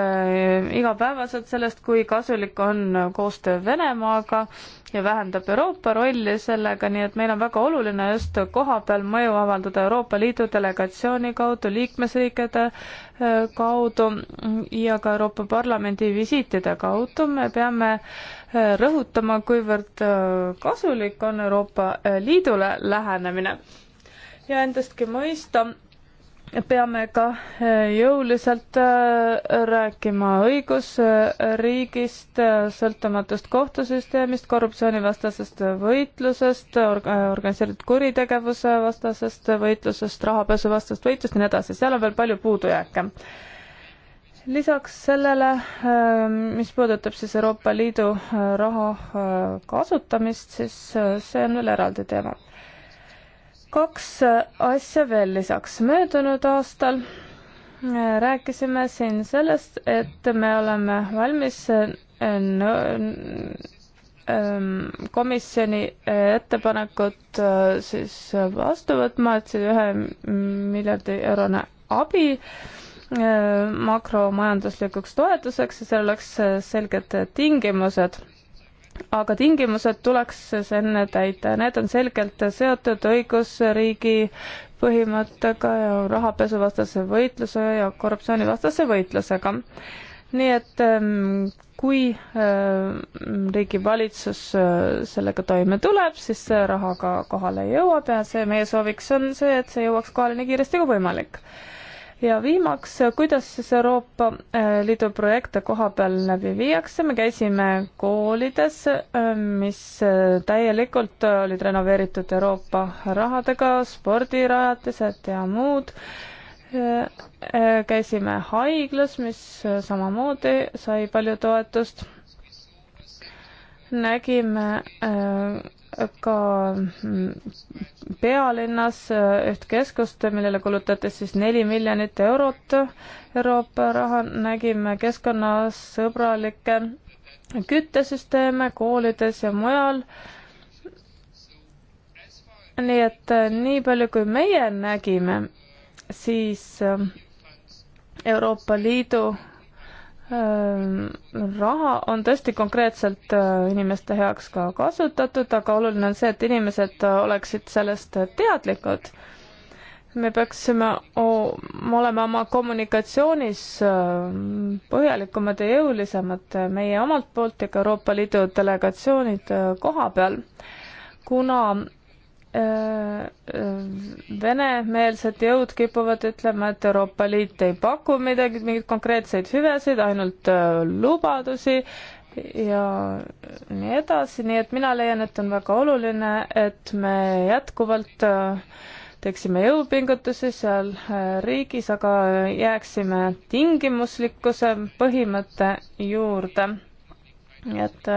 igapäevaselt sellest, kui kasulik on koostöö Venemaaga ja vähendab Euroopa rolli sellega, nii et meil on väga oluline just koha peal mõju avaldada Euroopa Liidu delegatsiooni kaudu liikmesriikide Äh, kaudu ja ka Euroopa Parlamendi visiitide kaudu me peame äh, rõhutama, kuivõrd äh, kasulik on Euroopa Liidule lähenemine ja endastki mõista peame ka eh, jõuliselt eh, rääkima õigusriigist, eh, sõltumatust kohtusüsteemist, korruptsioonivastasest võitlusest, organiseeritud kuritegevuse vastasest võitlusest, rahapesuvastasest võitlust ja nii edasi, seal on veel palju puudujääke. lisaks sellele, mis puudutab siis Euroopa Liidu raha kasutamist, siis see on veel eraldi teema kaks äh, asja veel lisaks. möödunud aastal äh, rääkisime siin sellest, et me oleme valmis äh, ähm, komisjoni ettepanekut siis vastu võtma, et see ühe miljardi eurone abi makromajanduslikuks toetuseks ja seal oleks selged tingimused aga tingimused tuleks enne täita ja need on selgelt seotud õigusriigi põhimõttega ja rahapesuvastase võitluse ja korruptsioonivastase võitlusega. nii et ähm, kui ähm, riigi valitsus äh, sellega toime tuleb, siis see raha ka kohale jõuab ja see meie sooviks on see, et see jõuaks kohale nii kiiresti kui võimalik ja viimaks, kuidas siis Euroopa äh, Liidu projekte koha peal läbi viiakse, me käisime koolides, äh, mis äh, täielikult olid renoveeritud Euroopa rahadega, spordirajatised ja muud. käisime haiglas, mis samamoodi sai palju toetust. nägime ka mm, pealinnas äh, üht keskust, millele kulutati siis neli miljonit eurot Euroopa raha, nägime keskkonnasõbralikke küttesüsteeme koolides ja mujal. nii et äh, nii palju, kui meie nägime, siis äh, Euroopa Liidu raha on tõesti konkreetselt inimeste heaks ka kasutatud, aga oluline on see, et inimesed oleksid sellest teadlikud. me peaksime olema oma kommunikatsioonis põhjalikumad ja jõulisemad meie omalt poolt ja ka Euroopa Liidu delegatsioonid koha peal, kuna Äh, äh, venemeelsed jõud kipuvad ütlema, et Euroopa Liit ei paku midagi, mingeid konkreetseid hüvesid, ainult äh, lubadusi ja nii edasi, nii et mina leian, et on väga oluline, et me jätkuvalt teeksime jõupingutusi seal riigis, aga jääksime tingimuslikkuse põhimõtte juurde. et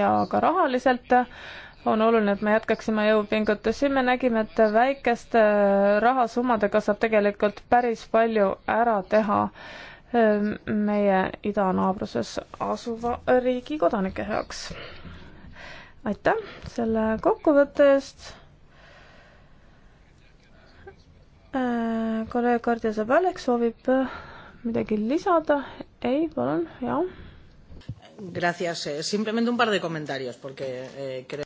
ja ka rahaliselt äh, on oluline, et me jätkaksime jõupingutusi, me nägime, et väikeste äh, rahasummadega saab tegelikult päris palju ära teha ähm, meie idanaabruses asuva riigi kodanike heaks. aitäh selle kokkuvõtte eest. Äh, kolleeg Kardja Sõbelek soovib äh, midagi lisada? ei, palun, jah. Gracias. Eh, simplemente un par de comentarios, porque eh, creo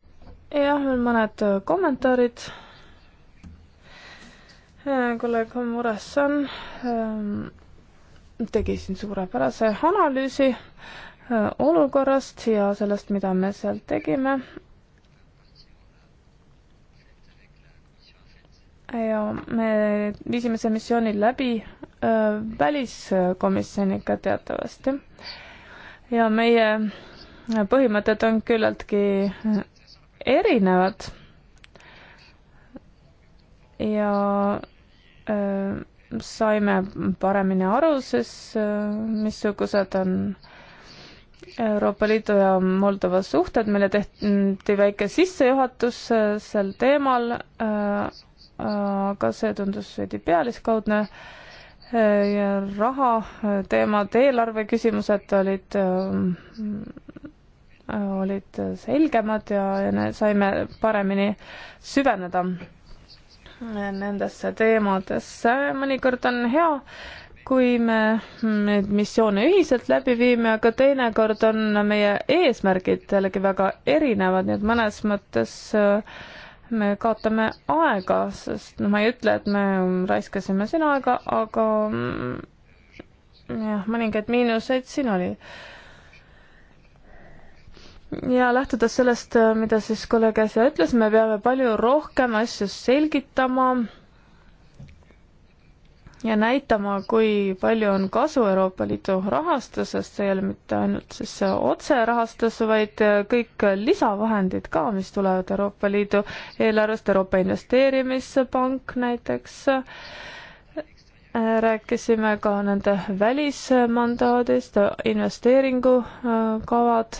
jah, veel mõned äh, kommentaarid. Äh, kolleeg Muresson ähm, tegi siin suurepärase analüüsi äh, olukorrast ja sellest, mida me seal tegime. ja me viisime see missiooni läbi väliskomisjoniga teatavasti. ja meie põhimõtted on küllaltki erinevad ja öö, saime paremini aru siis, missugused on Euroopa Liidu ja Moldova suhted, meile tehti väike sissejuhatus sel teemal, aga see tundus veidi pealiskaudne ja raha teemad, eelarve küsimused olid olid selgemad ja, ja saime paremini süveneda nendesse teemadesse. mõnikord on hea, kui me neid missioone ühiselt läbi viime, aga teinekord on meie eesmärgid jällegi väga erinevad, nii et mõnes mõttes äh, me kaotame aega, sest noh, ma ei ütle, et me raiskasime siin aega, aga mm, jah, mõningaid miinuseid siin oli ja lähtudes sellest, äh, mida siis kolleeg äsja ütles, me peame palju rohkem asju selgitama ja näitama, kui palju on kasu Euroopa Liidu rahastusest, see ei ole mitte ainult siis äh, otserahastus, vaid äh, kõik lisavahendid ka, mis tulevad Euroopa Liidu eelarvest, Euroopa Investeerimispank näiteks, rääkisime ka nende välismandaadist, investeeringukavad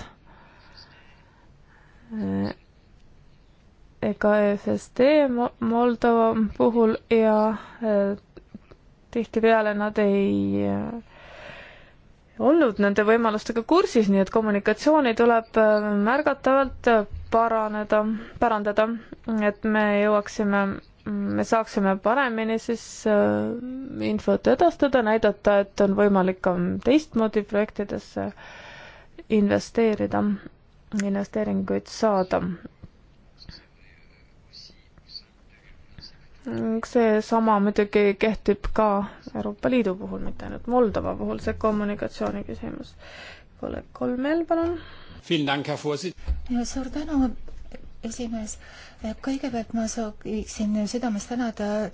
ka EFSD Moldova puhul ja eh, tihtipeale nad ei eh, olnud nende võimalustega kursis, nii et kommunikatsiooni tuleb eh, märgatavalt paraneda, parandada, et me jõuaksime, me saaksime paremini siis infot edastada, näidata, et on võimalik ka teistmoodi projektidesse investeerida investeeringuid saada. seesama muidugi kehtib ka Euroopa Liidu puhul, mitte ainult Moldova puhul, see kommunikatsiooni küsimus. kolleeg Kolmel, palun. suur tänu, esimees. kõigepealt ma sooviksin südamest tänada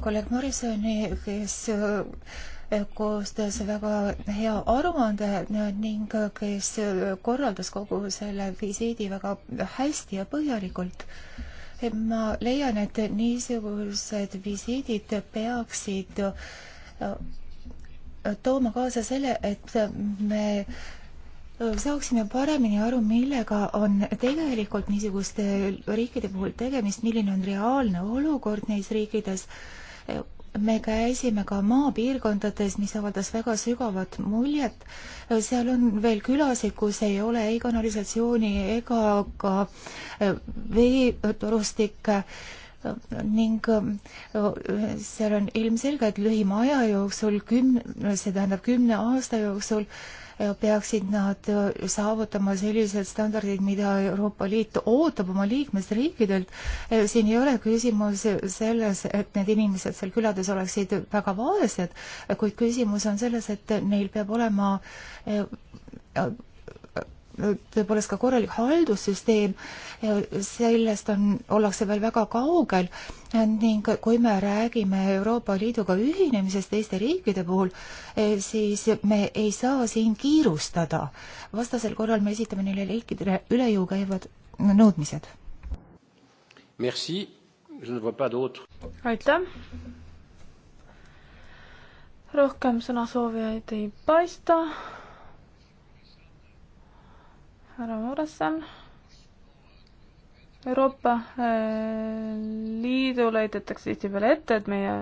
kolleeg Morrisoni, kes koostas väga hea aruande äh, ning äh, kes äh, korraldas kogu selle visiidi väga hästi ja põhjalikult. ma leian, et niisugused visiidid peaksid tooma kaasa selle, et me saaksime paremini aru, millega on tegelikult niisuguste riikide puhul tegemist, milline on reaalne olukord neis riikides me käisime ka maapiirkondades, mis avaldas väga sügavat muljet. seal on veel külasid, kus ei ole ei kanalisatsiooni ega ka eh, veetorustikke ning äh, seal on ilmselge, et lühima aja jooksul, küm-, see tähendab kümne aasta jooksul, äh, peaksid nad äh, saavutama sellised standardid, mida Euroopa Liit ootab oma liikmesriikidelt. siin ei ole küsimus selles, et need inimesed seal külades oleksid väga vaesed, kuid küsimus on selles, et neil peab olema tõepoolest ka korralik haldussüsteem, sellest on, ollakse veel väga kaugel ning kui me räägime Euroopa Liiduga ühinemisest teiste riikide puhul, siis me ei saa siin kiirustada. vastasel korral me esitame neile riikidele üle jõu käivad nõudmised. aitäh! rohkem sõnasoovijaid ei paista härra Murassan. Euroopa äh, Liidule heidetakse tihtipeale ette, et meie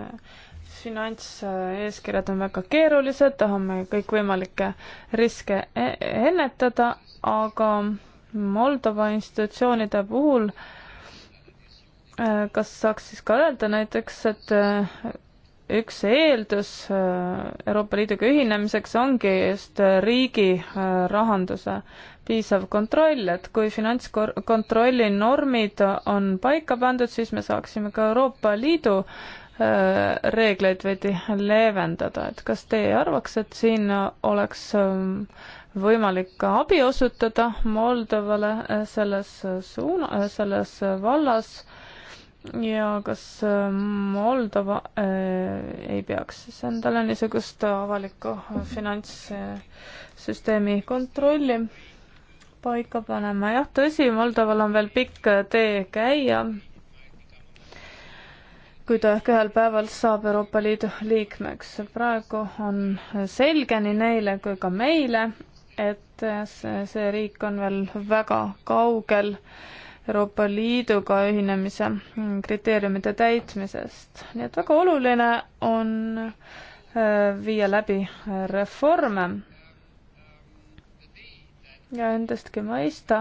finantseeskirjad on väga keerulised, tahame kõikvõimalikke riske e-, ennetada, aga Moldova institutsioonide puhul äh, kas saaks siis ka öelda näiteks, et äh, üks eeldus äh, Euroopa Liiduga ühinemiseks ongi just äh, riigi äh, rahanduse piisav kontroll, et kui finantskontrolli normid on paika pandud, siis me saaksime ka Euroopa Liidu reegleid veidi leevendada, et kas teie arvaks, et siin oleks ähm, võimalik ka abi osutada Moldovale selles suuna, selles vallas äh, ja kas äh, Moldova äh, ei peaks siis endale niisugust avaliku finantssüsteemi kontrolli paika panema. jah, tõsi, Moldoval on veel pikk äh, tee käia, kui ta ehk ühel päeval saab Euroopa Liidu liikmeks. praegu on selge nii neile kui ka meile, et äh, see, see riik on veel väga kaugel äh, Euroopa Liiduga ühinemise kriteeriumide täitmisest. nii et väga oluline on äh, viia läbi reforme ja endastki mõista,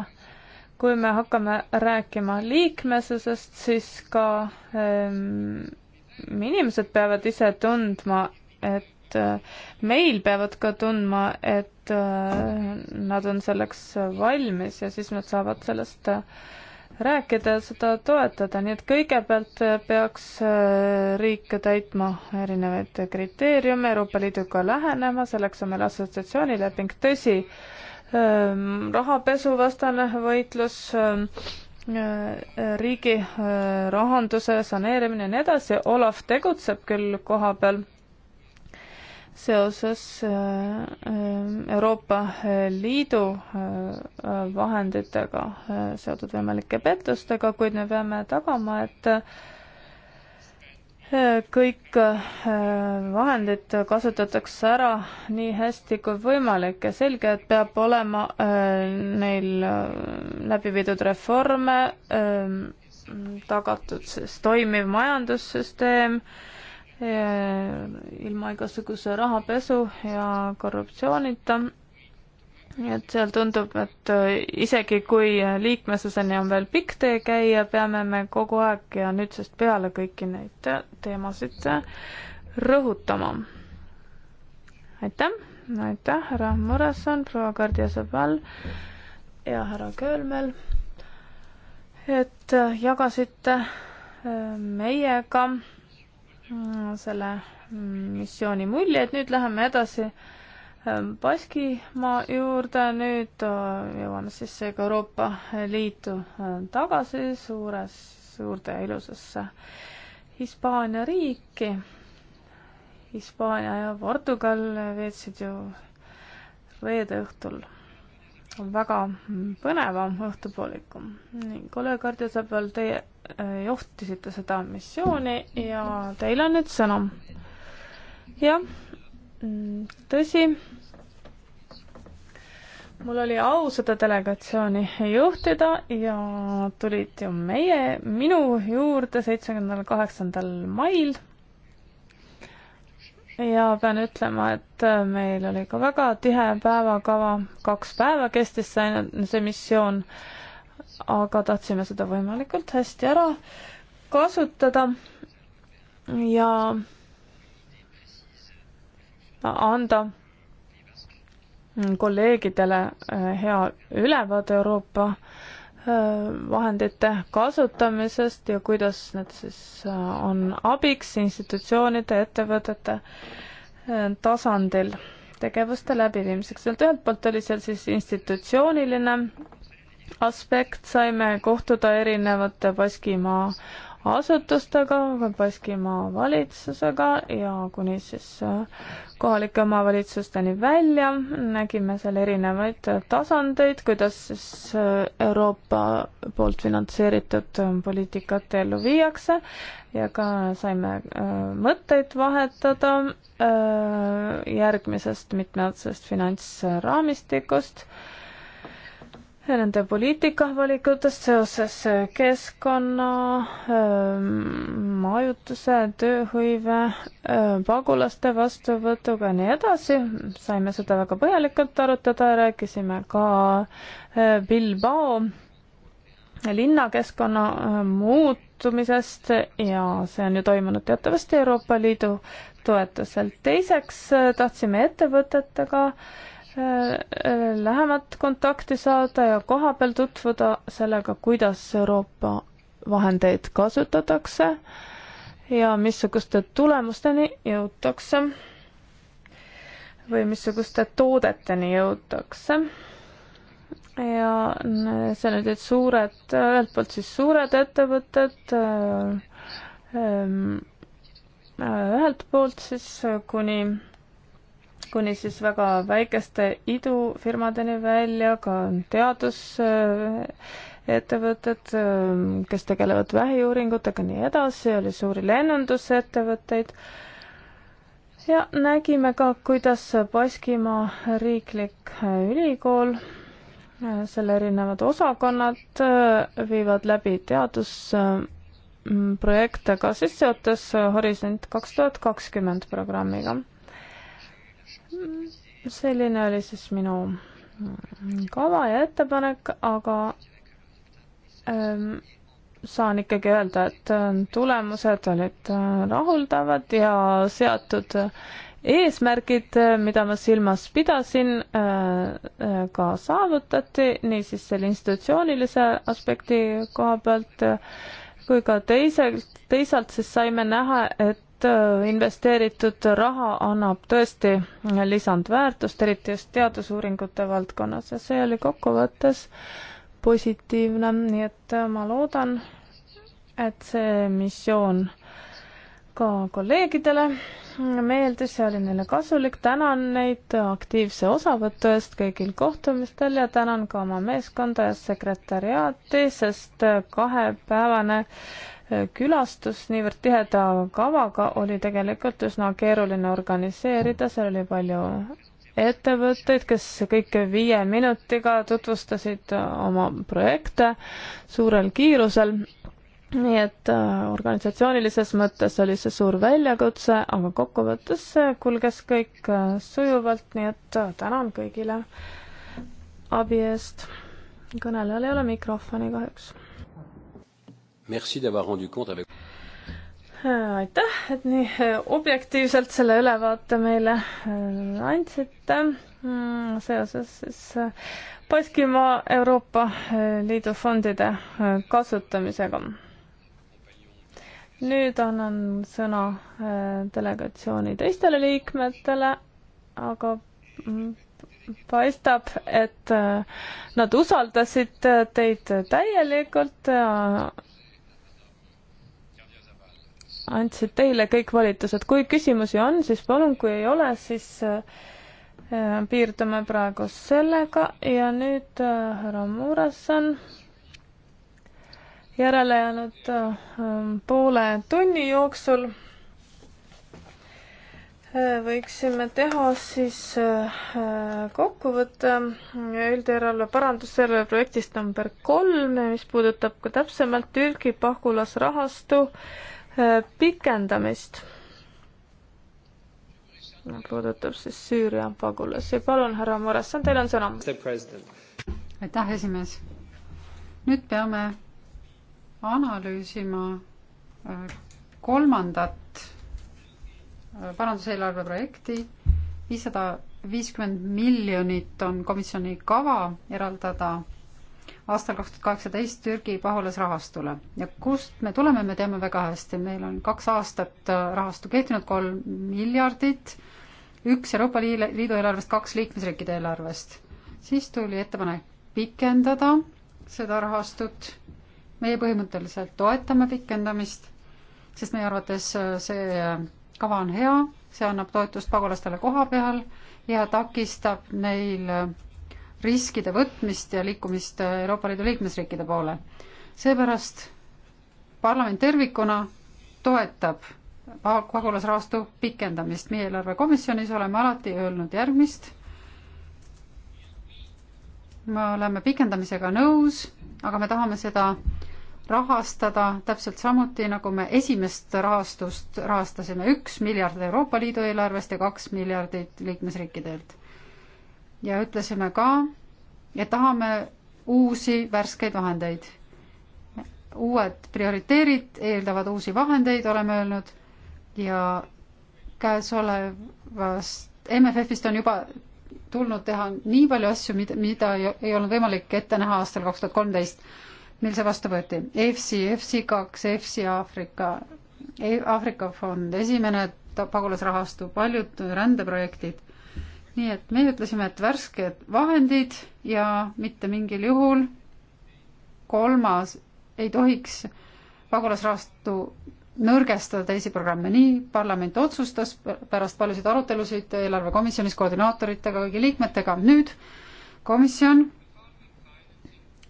kui me hakkame rääkima liikmesusest, siis ka ähm, inimesed peavad ise tundma, et äh, meil peavad ka tundma, et äh, nad on selleks valmis ja siis nad saavad sellest äh, rääkida ja seda toetada, nii et kõigepealt peaks äh, riik täitma erinevaid kriteeriume, Euroopa Liiduga lähenema, selleks on meil assotsiatsioonileping, tõsi, ähm, rahapesuvastane võitlus, ähm, äh, riigi äh, rahanduse saneerimine ja nii edasi, Olav tegutseb küll koha peal seoses äh, äh, Euroopa Liidu äh, vahenditega seotud võimalike pettustega, kuid me peame tagama, et kõik vahendid kasutatakse ära nii hästi kui võimalik ja selge, et peab olema neil läbi viidud reforme, tagatud siis toimiv majandussüsteem ilma igasuguse rahapesu ja korruptsioonita. et seal tundub, et äh, isegi kui liikmesuseni on veel pikk tee käia, peame me kogu aeg ja nüüdsest peale kõiki neid äh, teemasid äh, rõhutama. aitäh, aitäh, härra Morrison, proua Kardia Sõbral ja härra Köölmel, et jagasite meiega Mm, selle mm, missiooni mulje, et nüüd läheme edasi ähm, Baskimaa juurde, nüüd äh, jõuame siis seega Euroopa Liitu äh, tagasi suures, suurde ja ilusasse Hispaania riiki. Hispaania ja Portugal veetsid ju reede õhtul väga põnevam õhtupooliku ning kolleeg Hardi Sabel, teie äh, juhtisite seda missiooni ja teil on nüüd sõna. jah, tõsi, mul oli au seda delegatsiooni juhtida ja tulid ju meie, minu juurde seitsmekümnendal kaheksandal mail ja pean ütlema, et äh, meil oli ka väga tihe päevakava, kaks päeva kestis see ainult see missioon, aga tahtsime seda võimalikult hästi ära kasutada ja anda kolleegidele äh, hea ülevaade Euroopa Äh, vahendite kasutamisest ja kuidas need siis äh, on abiks institutsioonide, ettevõtete äh, tasandil tegevuste läbiviimiseks. et ühelt poolt oli seal siis institutsiooniline aspekt, saime kohtuda erinevate Baskimaa asutustega, Baskimaa valitsusega ja kuni siis äh, kohalike omavalitsusteni välja nägime seal erinevaid tasandeid, kuidas siis äh, Euroopa poolt finantseeritud äh, poliitikat ellu viiakse ja ka saime mõtteid vahetada järgmisest mitmeotsest finantsraamistikust ja nende poliitikavalikutest seoses keskkonna, ähm, majutuse, tööhõive, äh, pagulaste vastuvõtuga ja nii edasi. saime seda väga põhjalikult arutada ja rääkisime ka äh, Bilbao linnakeskkonna äh, muutumisest ja see on ju toimunud teatavasti Euroopa Liidu toetusel. teiseks tahtsime ettevõtetega äh, Äh, lähemat kontakti saada ja kohapeal tutvuda sellega, kuidas Euroopa vahendeid kasutatakse ja missuguste tulemusteni jõutakse või missuguste toodeteni jõutakse. ja see nüüd, et suured, ühelt poolt siis suured ettevõtted äh, ähm, äh, ühelt poolt siis kuni kuni siis väga väikeste idufirmadeni välja, ka teadusettevõtted, kes tegelevad vähiuuringutega, nii edasi, oli suuri lennundusettevõtteid ja nägime ka, kuidas Baskimaa riiklik ülikool selle erinevad osakonnad viivad läbi teadusprojekte ka siis seotes Horisont kaks tuhat kakskümmend programmiga Mm, selline oli siis minu mm, kava ja ettepanek, aga ähm, saan ikkagi öelda, et äh, tulemused olid äh, rahuldavad ja seatud äh, eesmärgid, mida ma silmas pidasin, ka saavutati, niisiis selle institutsioonilise aspekti koha pealt kui ka teisalt, teisalt siis saime näha, et et äh, investeeritud raha annab tõesti lisandväärtust, eriti just teadusuuringute valdkonnas ja see oli kokkuvõttes positiivne, nii et äh, ma loodan, et see missioon ka kolleegidele meeldis, see oli neile kasulik, tänan neid aktiivse osavõtu eest kõigil kohtumistel ja tänan ka oma meeskonda ja sekretäriaati, sest äh, kahepäevane külastus niivõrd tiheda kavaga oli tegelikult üsna keeruline organiseerida, seal oli palju ettevõtteid, kes kõik viie minutiga tutvustasid oma projekte suurel kiirusel. nii et äh, organisatsioonilises mõttes oli see suur väljakutse, aga kokkuvõttes kulges kõik äh, sujuvalt, nii et äh, tänan kõigile abi eest. kõnelejal ei ole mikrofoni kahjuks aitäh, et nii äh, objektiivselt selle ülevaate meile äh, andsite mm, seoses siis Baskimaa äh, Euroopa Liidu fondide kasutamisega. nüüd annan sõna delegatsiooni teistele liikmetele, aga mm, paistab, et nad usaldasid teid täielikult ja andsid teile kõik volitused. kui küsimusi on, siis palun, kui ei ole, siis äh, piirdume praegu sellega ja nüüd äh, härra Murasson järelejäänud äh, poole tunni jooksul võiksime teha siis kokkuvõtte üldjärelevalve parandusjärelevalve projektist number kolm, mis puudutab ka täpsemalt Türgi pagulasrahastu Äh, pikendamist. puudutab siis Süüria pagulasi. palun, härra Morasson, teil on sõna. aitäh, esimees. nüüd peame analüüsima äh, kolmandat äh, paranduseelarve projekti. viissada viiskümmend miljonit on komisjoni kava eraldada aastal kaks tuhat kaheksateist Türgi pagulasrahastule ja kust me tuleme, me teame väga hästi, meil on kaks aastat äh, rahastu kehtinud, kolm miljardit, üks Euroopa Liidu eelarvest, kaks liikmesriikide eelarvest. siis tuli ettepanek pikendada seda rahastut, meie põhimõtteliselt toetame pikendamist, sest meie arvates äh, see äh, kava on hea, see annab toetust pagulastele koha peal ja takistab neil riskide võtmist ja liikumist Euroopa Liidu liikmesriikide poole. seepärast parlament tervikuna toetab pagulasrahastu pikendamist. meie eelarvekomisjonis oleme alati öelnud järgmist. me oleme pikendamisega nõus, aga me tahame seda rahastada täpselt samuti, nagu me esimest rahastust rahastasime üks miljard Euroopa Liidu eelarvest ja kaks miljardit liikmesriikidelt ja ütlesime ka, et tahame uusi värskeid vahendeid. uued prioriteerid eeldavad uusi vahendeid, oleme öelnud, ja käesolevast MFF-ist on juba tulnud teha nii palju asju, mida, mida ei olnud võimalik ette näha aastal kaks tuhat kolmteist, mil see vastu võeti. EFSI, EFSI kaks, EFSI Aafrika, e, Aafrika fond, esimene pagulasrahastu, paljud rändeprojektid nii et meie ütlesime, et värsked vahendid ja mitte mingil juhul kolmas ei tohiks pagulasrahastu nõrgestada teisi programme, nii parlament otsustas pärast paljusid arutelusid eelarvekomisjonis koordinaatoritega, kõigi liikmetega. nüüd komisjon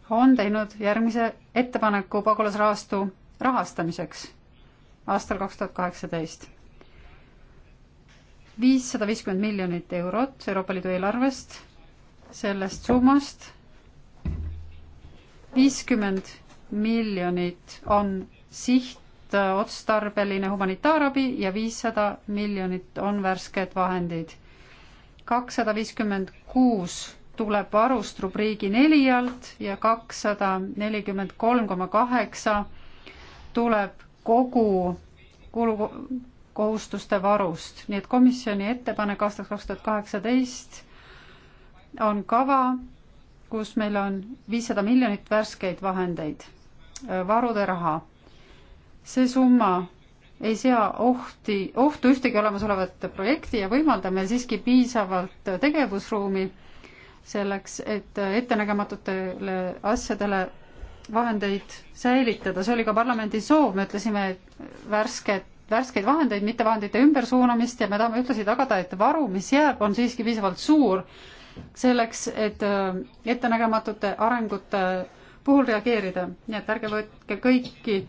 on teinud järgmise ettepaneku pagulasrahastu rahastamiseks aastal kaks tuhat kaheksateist viissada viiskümmend miljonit eurot Euroopa Liidu eelarvest, sellest summast viiskümmend miljonit on sihtotstarbeline humanitaarabi ja viissada miljonit on värsked vahendid. kakssada viiskümmend kuus tuleb varust rubriigi neli alt ja kakssada nelikümmend kolm koma kaheksa tuleb kogu kulu kohustuste varust, nii et komisjoni ettepanek aastaks kaks tuhat kaheksateist on kava, kus meil on viissada miljonit värskeid vahendeid, äh, varude raha. see summa ei sea ohti, ohtu ühtegi olemasolevat projekti ja võimaldab meil siiski piisavalt tegevusruumi selleks, et äh, ettenägematutele asjadele vahendeid säilitada, see oli ka parlamendi soov, me ütlesime, et värsket värskeid vahendeid, mitte vahendite ümbersuunamist ja me tahame ühtlasi tagada, et varu, mis jääb, on siiski piisavalt suur selleks, et äh, ettenägematute arengute puhul reageerida, nii et ärge võtke kõiki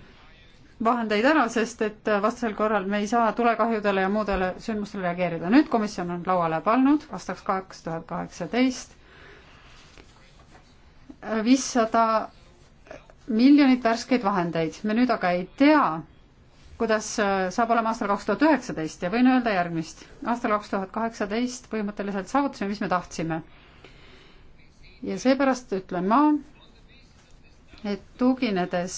vahendeid ära, sest et äh, vastasel korral me ei saa tulekahjudele ja muudele sündmustele reageerida. nüüd komisjon on lauale pannud aastaks kaks tuhat kaheksateist äh, viissada miljonit värskeid vahendeid. me nüüd aga ei tea, kuidas äh, saab olema aastal kaks tuhat üheksateist ja võin öelda järgmist. aastal kaks tuhat kaheksateist põhimõtteliselt saavutasime, mis me tahtsime. ja seepärast ütlen ma, et tuginedes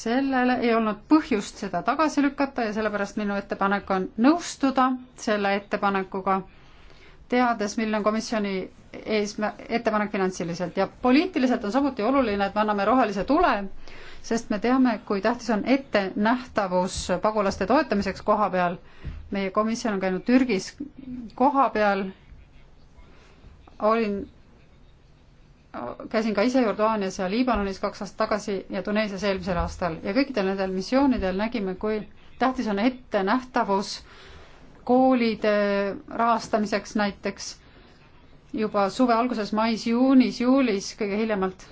sellele ei olnud põhjust seda tagasi lükata ja sellepärast minu ettepanek on nõustuda selle ettepanekuga, teades, milline on komisjoni eesmä-, ettepanek finantsiliselt ja poliitiliselt on samuti oluline, et me anname rohelise tule, sest me teame, kui tähtis on ettenähtavus pagulaste toetamiseks koha peal. meie komisjon on käinud Türgis koha peal, olin, käisin ka ise Jordaanias ja Liibanonis kaks aastat tagasi ja Tuneesias eelmisel aastal ja kõikidel nendel missioonidel nägime, kui tähtis on ettenähtavus koolide rahastamiseks näiteks juba suve alguses, mais, juunis, juulis kõige hiljemalt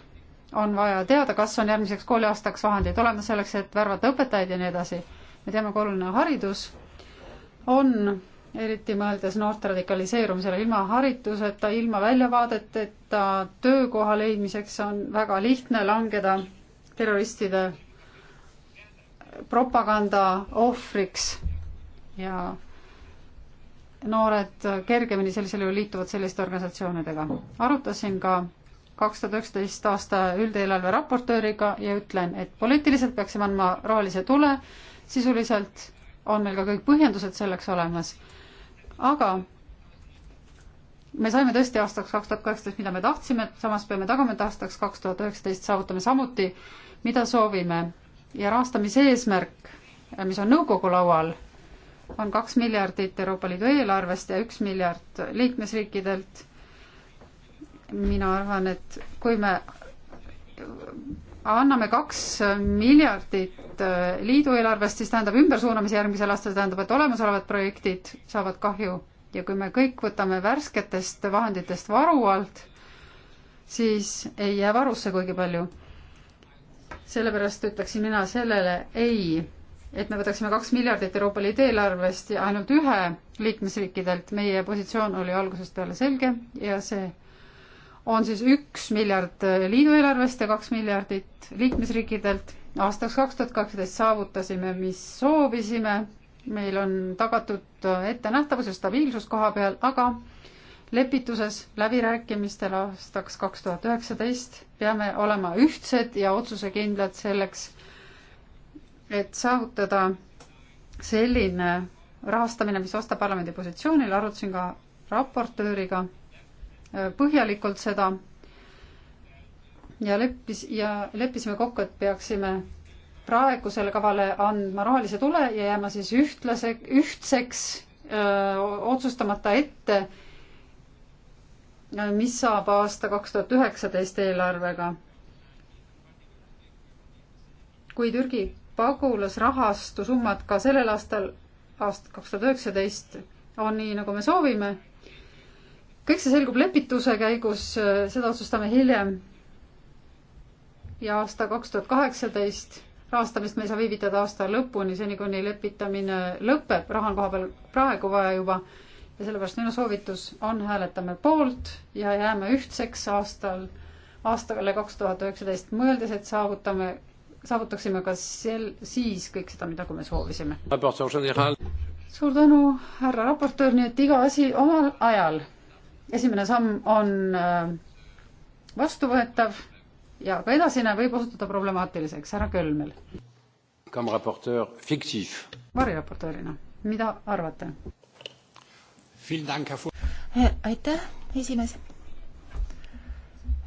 on vaja teada, kas on järgmiseks kooliaastaks vahendeid olemas selleks, et värvata õpetajaid ja nii edasi. me teame, kui oluline haridus on, eriti mõeldes noorte radikaliseerumisele, ilma harituseta, ilma väljavaadeteta töökoha leidmiseks on väga lihtne langeda terroristide propaganda ohvriks ja noored kergemini sellisel juhul liituvad selliste organisatsioonidega. arutasin ka kaks tuhat üksteist aasta üldeelarve raportööriga ja ütlen, et poliitiliselt peaksime andma rohelise tule, sisuliselt on meil ka kõik põhjendused selleks olemas, aga me saime tõesti aastaks kaks tuhat kaheksateist, mida me tahtsime, samas peame tagama, et aastaks kaks tuhat üheksateist saavutame samuti, mida soovime ja rahastamise eesmärk, mis on nõukogu laual, on kaks miljardit Euroopa Liidu eelarvest ja üks miljard liikmesriikidelt. mina arvan, et kui me anname kaks miljardit äh, liidu eelarvest, siis tähendab ümbersuunamise järgmisel aastal, tähendab, et olemasolevad projektid saavad kahju ja kui me kõik võtame värsketest vahenditest varu alt, siis ei jää varusse kuigi palju. sellepärast ütleksin mina sellele ei et me võtaksime kaks miljardit Euroopa Liidu eelarvest ja ainult ühe liikmesriikidelt, meie positsioon oli algusest peale selge ja see on siis üks miljard liidu eelarvest ja kaks miljardit liikmesriikidelt. aastaks kaks tuhat kaksteist saavutasime, mis soovisime, meil on tagatud ettenähtavus ja stabiilsus koha peal, aga lepituses läbirääkimistel aastaks kaks tuhat üheksateist peame olema ühtsed ja otsusekindlad selleks et saavutada selline rahastamine, mis vastab parlamendi positsioonile, arutasin ka raportööriga äh, põhjalikult seda ja leppis, ja leppisime kokku, et peaksime praegusele kavale andma rohelise tule ja jääma siis ühtlase, ühtseks, äh, otsustamata ette, äh, mis saab aasta kaks tuhat üheksateist eelarvega. kui Türgi pagulasrahastu summad ka sellel aastal, aastal kaks tuhat üheksateist on nii, nagu me soovime. kõik see selgub lepituse käigus, seda otsustame hiljem. ja aasta kaks tuhat kaheksateist rahastamist me ei saa viivitada aasta lõpuni, seni kuni lepitamine lõpeb, raha on koha peal praegu vaja juba. ja sellepärast minu soovitus on hääletame poolt ja jääme ühtseks aastal, aastale kaks tuhat üheksateist, mõeldes, et saavutame saavutaksime ka sel, siis kõik seda, mida, kui me soovisime. suur tänu, härra raportöör, nii et iga asi omal ajal. esimene samm on äh, vastuvõetav ja ka edasine võib osutuda problemaatiliseks, härra Kölmel. variraportöörina, mida arvate? Äh, aitäh, esimees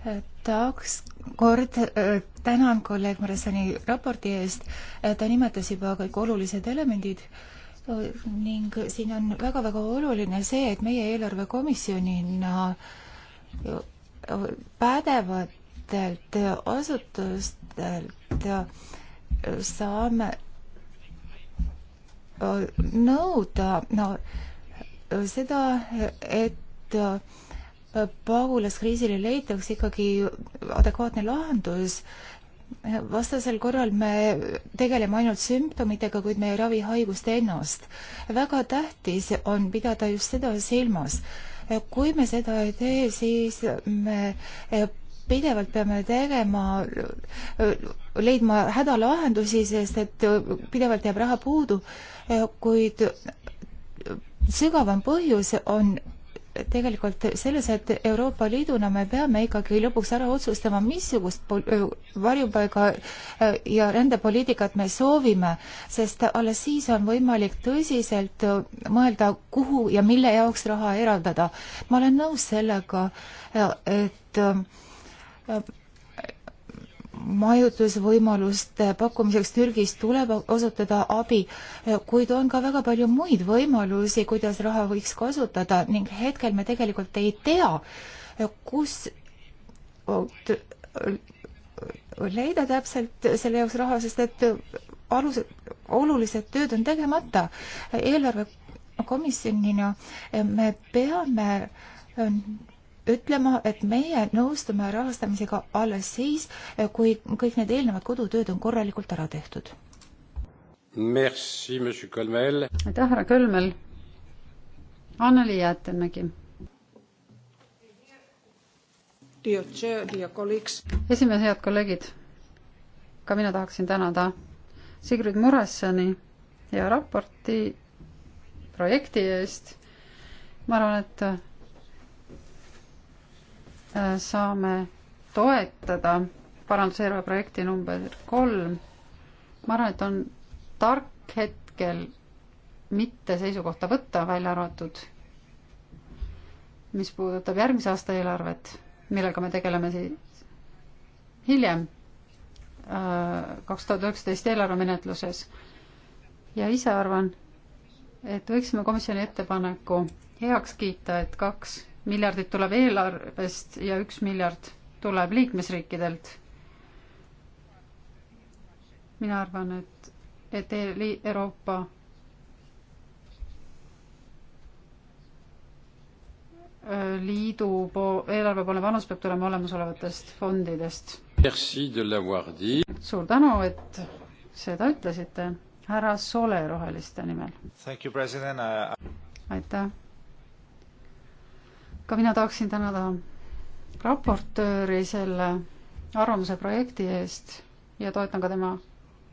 äh, tahaks kord äh, tänan kolleeg Maresani raporti eest, äh, ta nimetas juba kõik olulised elemendid äh, ning siin on väga-väga oluline see, et meie eelarvekomisjonina pädevatelt asutustelt saame nõuda no, seda, et pagulaskriisile leitakse ikkagi adekvaatne lahendus. vastasel korral me tegeleme ainult sümptomitega, kuid me ei ravi haigust ennast. väga tähtis on pidada just seda silmas. kui me seda ei tee, siis me pidevalt peame tegema, leidma hädalahendusi, sest et pidevalt jääb raha puudu, kuid sügavam põhjus on tegelikult selles, et Euroopa Liiduna me peame ikkagi lõpuks ära otsustama, missugust varjupaiga ja rändepoliitikat me soovime, sest alles siis on võimalik tõsiselt mõelda, kuhu ja mille jaoks raha eraldada. ma olen nõus sellega, et majutusvõimaluste pakkumiseks Türgis tuleb osutada abi, kuid on ka väga palju muid võimalusi, kuidas raha võiks kasutada ning hetkel me tegelikult ei tea, kus leida täpselt selle jaoks raha, sest et alused, olulised tööd on tegemata. eelarvekomisjonina me peame ütlema, et meie nõustume rahastamisega alles siis, kui kõik need eelnevad kodutööd on korralikult ära tehtud. aitäh, härra Kölmel. Anneli Jäätemägi. esimees, head kolleegid. ka mina tahaksin tänada Sigrid Muressoni ja raporti projekti eest. ma arvan, et saame toetada parandusjärve projekti number kolm. ma arvan, et on tark hetkel mitte seisukohta võtta, välja arvatud, mis puudutab järgmise aasta eelarvet, millega me tegeleme siis hiljem, äh, kaks tuhat üheksateist eelarvemenetluses. ja ise arvan, et võiksime komisjoni ettepaneku heaks kiita, et kaks miljardit tuleb eelarvest ja üks miljard tuleb liikmesriikidelt. mina arvan, et, et e Euroopa Liidu po-, eelarvepoolne panus peab tulema olemasolevatest fondidest. suur tänu, et seda ütlesite, härra Sole Roheliste nimel. aitäh ka mina tahaksin tänada raportööri selle arvamuse projekti eest ja toetan ka tema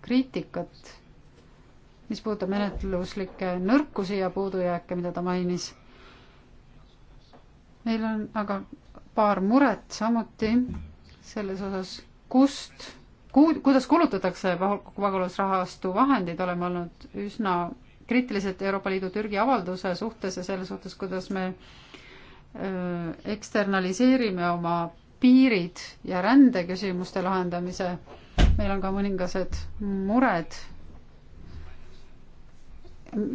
kriitikat, mis puudutab menetluslikke nõrkusi ja puudujääke, mida ta mainis. meil on aga paar muret samuti selles osas, kust, kuhu, kuidas kulutatakse pagulasrahastu vahendid, oleme olnud üsna kriitilised Euroopa Liidu Türgi avalduse suhtes ja selles suhtes, kuidas me äh, eksternaliseerime oma piirid ja rändeküsimuste lahendamise. meil on ka mõningased mured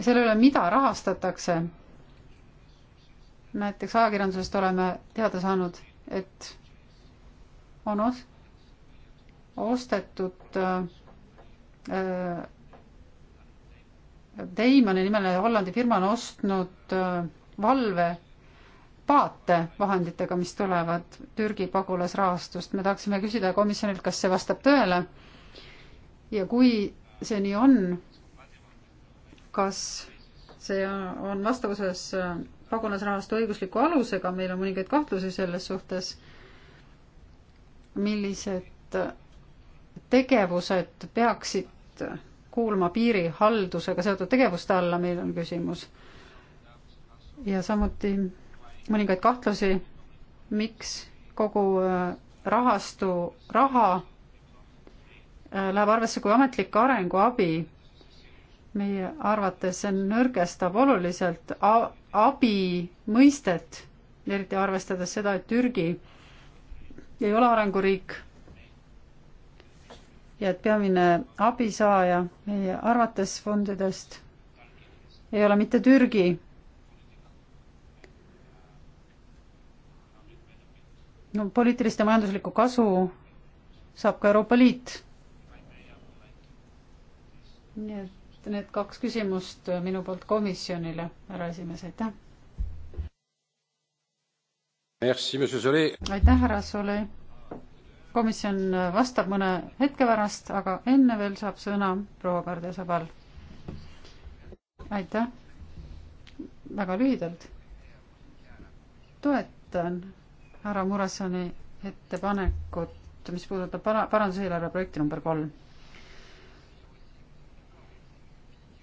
selle üle, mida rahastatakse. näiteks ajakirjandusest oleme teada saanud, et on os-, ostetud äh, Deimani nimeline Hollandi firma on ostnud äh, valve vaatevahenditega, mis tulevad Türgi pagulasrahastust. me tahaksime küsida komisjonilt, kas see vastab tõele ja kui see nii on, kas see on vastavuses pagulasrahastu õigusliku alusega, meil on mõningaid kahtlusi selles suhtes, millised tegevused peaksid kuulma piirihaldusega seotud tegevuste alla, meil on küsimus. ja samuti mõningaid kahtlusi, miks kogu äh, rahastu raha äh, läheb arvesse kui ametlik arenguabi. meie arvates see nõrgestab oluliselt abi mõistet, eriti arvestades seda, et Türgi ei ole arenguriik. ja et peamine abisaaja meie arvates fondidest ei ole mitte Türgi, no poliitilist ja majanduslikku kasu saab ka Euroopa Liit. nii et need kaks küsimust minu poolt komisjonile, härra esimees, aitäh. aitäh, härra Solei. komisjon vastab mõne hetke pärast, aga enne veel saab sõna proua Kardesabal. aitäh, väga lühidalt. toetan härra Muressoni ettepanekut, mis puudutab para-, paranduseelarve projekti number kolm.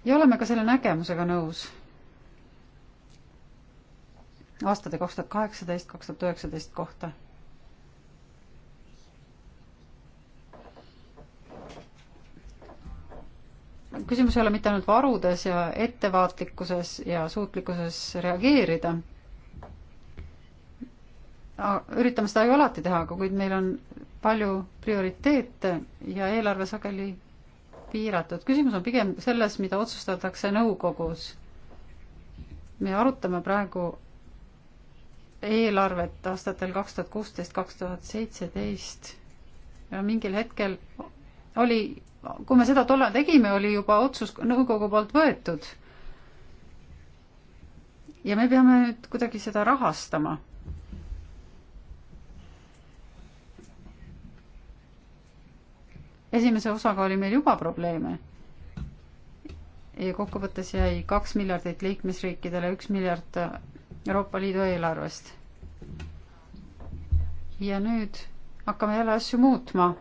ja oleme ka selle nägemusega nõus. aastate kaks tuhat kaheksateist, kaks tuhat üheksateist kohta. küsimus ei ole mitte ainult varudes ja ettevaatlikkuses ja suutlikkuses reageerida üritame seda ju alati teha, aga kuid meil on palju prioriteete ja eelarve sageli piiratud. küsimus on pigem selles, mida otsustatakse nõukogus. me arutame praegu eelarvet aastatel kaks tuhat kuusteist, kaks tuhat seitseteist ja mingil hetkel oli, kui me seda tollal tegime, oli juba otsus nõukogu poolt võetud. ja me peame nüüd kuidagi seda rahastama esimese osaga oli meil juba probleeme. ja kokkuvõttes jäi kaks miljardit liikmesriikidele, üks miljard Euroopa Liidu eelarvest. ja nüüd hakkame jälle asju muutma.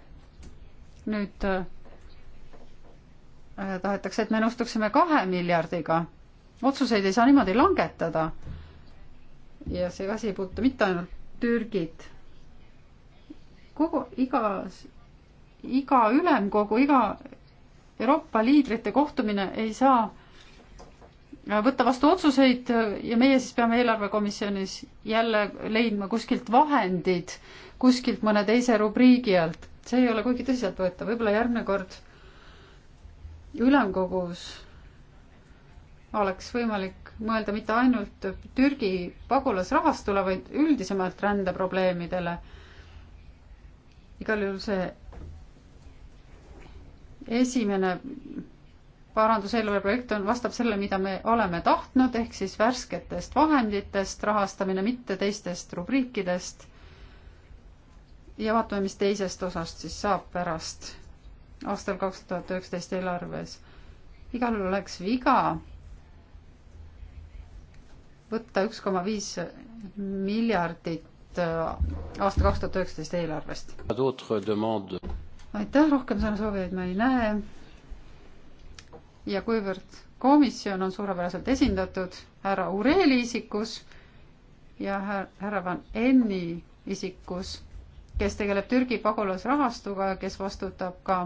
nüüd äh, tahetakse, et me nõustuksime kahe miljardiga. otsuseid ei saa niimoodi langetada. ja see asi ei puuduta mitte ainult Türgit kogu igas iga ülemkogu, iga Euroopa liidrite kohtumine ei saa võtta vastu otsuseid ja meie siis peame eelarvekomisjonis jälle leidma kuskilt vahendid, kuskilt mõne teise rubriigi alt. see ei ole kuigi tõsiseltvõetav, võib-olla järgmine kord ülemkogus oleks võimalik mõelda mitte ainult Türgi pagulasrahastule, vaid üldisemalt rändeprobleemidele. igal juhul see esimene paranduseelarve projekt on, vastab sellele, mida me oleme tahtnud, ehk siis värsketest vahenditest rahastamine, mitte teistest rubriikidest. ja vaatame, mis teisest osast siis saab pärast aastal kaks tuhat üheksateist eelarves. igal juhul oleks viga võtta üks koma viis miljardit äh, aasta kaks tuhat üheksateist eelarvest aitäh, rohkem sõnasoovijaid ma ei näe. ja kuivõrd komisjon on suurepäraselt esindatud härra Ureeli isikus ja härra Van Enni isikus, kes tegeleb Türgi pagulasrahastuga ja kes vastutab ka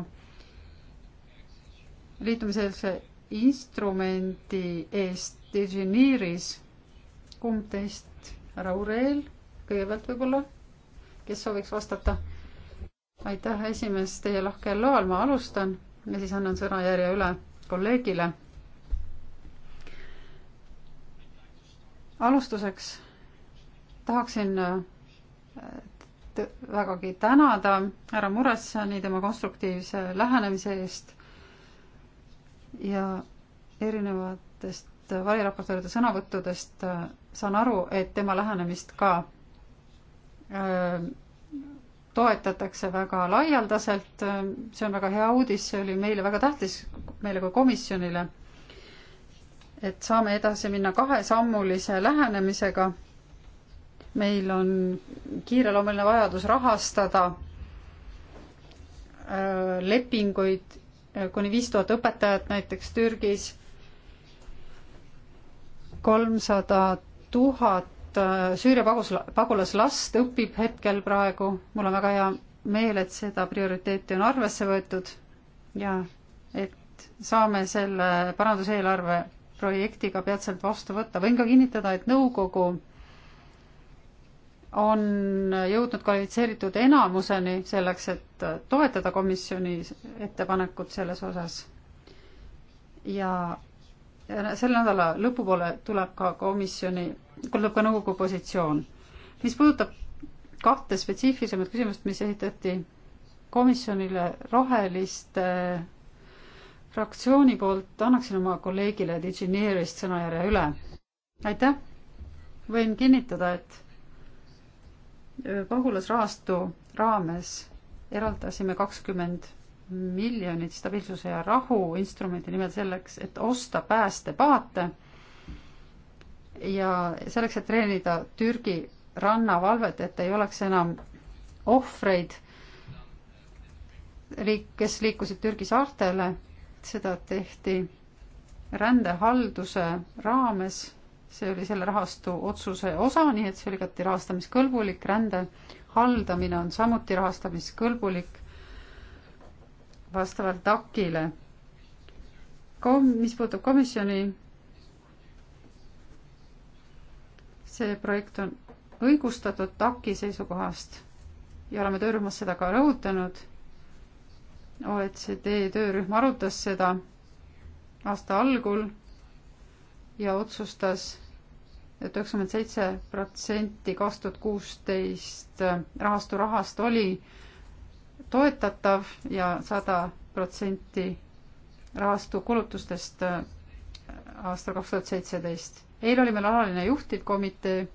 liitumiseelse instrumendi eest Digineeris. kumb teist, härra Ureel kõigepealt võib-olla, kes sooviks vastata? aitäh, esimees, teie lahkel loal ma alustan ja siis annan sõnajärje üle kolleegile. alustuseks tahaksin äh, vägagi tänada härra Muressani tema konstruktiivse lähenemise eest ja erinevatest variraportööride sõnavõttudest äh, saan aru, et tema lähenemist ka öö, äh, toetatakse väga laialdaselt, see on väga hea uudis, see oli meile väga tähtis, meile kui komisjonile, et saame edasi minna kahesammulise lähenemisega. meil on kiireloomuline vajadus rahastada äh, lepinguid äh, kuni viis tuhat õpetajat näiteks Türgis, kolmsada tuhat tuhat äh, Süüria pagus, pagulaslast õpib hetkel praegu. mul on väga hea meel, et seda prioriteeti on arvesse võetud ja et saame selle paranduseelarve projektiga peatselt vastu võtta. võin ka kinnitada, et nõukogu on jõudnud kvalifitseeritud enamuseni selleks, et toetada komisjoni ettepanekut selles osas. ja selle nädala lõpupoole tuleb ka komisjoni kõlab ka nõukogu positsioon. mis puudutab kahte spetsiifilisemat küsimust, mis esitati komisjonile roheliste eh, fraktsiooni poolt, annaksin oma kolleegile Digineerist sõnajärje üle. aitäh! võin kinnitada, et eh, pagulasrahastu raames eraldasime kakskümmend miljonit stabiilsuse ja rahu instrumendi nimel selleks, et osta päästepaate ja selleks, et treenida Türgi rannavalvet, et ei oleks enam ohvreid, riik, kes liikusid Türgi saartele, seda tehti rändehalduse raames, see oli selle rahastu otsuse osa, nii et see oli igati rahastamiskõlbulik, rände haldamine on samuti rahastamiskõlbulik vastavalt DAC-ile. Kom-, mis puutub komisjoni see projekt on õigustatud TAK-i seisukohast ja oleme töörühmas seda ka rõhutanud. OECD töörühm arutas seda aasta algul ja otsustas et, et üheksakümmend seitse protsenti kaks tuhat kuusteist äh, rahastu rahast oli toetatav ja sada protsenti rahastu kulutustest äh, aastal kaks tuhat seitseteist eile oli meil alaline juhtivkomitee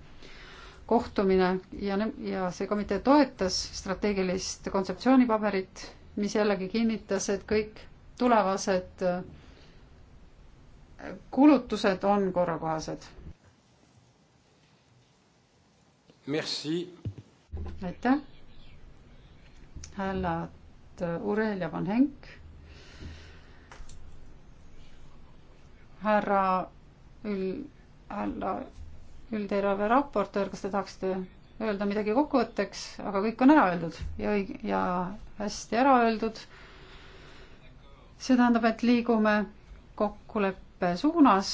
kohtumine ja, ja see komitee toetas strateegilist kontseptsioonipaberit, mis jällegi kinnitas, et kõik tulevased äh, kulutused on korrakohased. Merci. aitäh. hääled äh, Urelia von Henk. härra Ül- härra üldeelarve raportöör, kas te tahaksite öelda midagi kokkuvõtteks, aga kõik on ära öeldud ja õig-, ja hästi ära öeldud. see tähendab, et liigume kokkuleppe suunas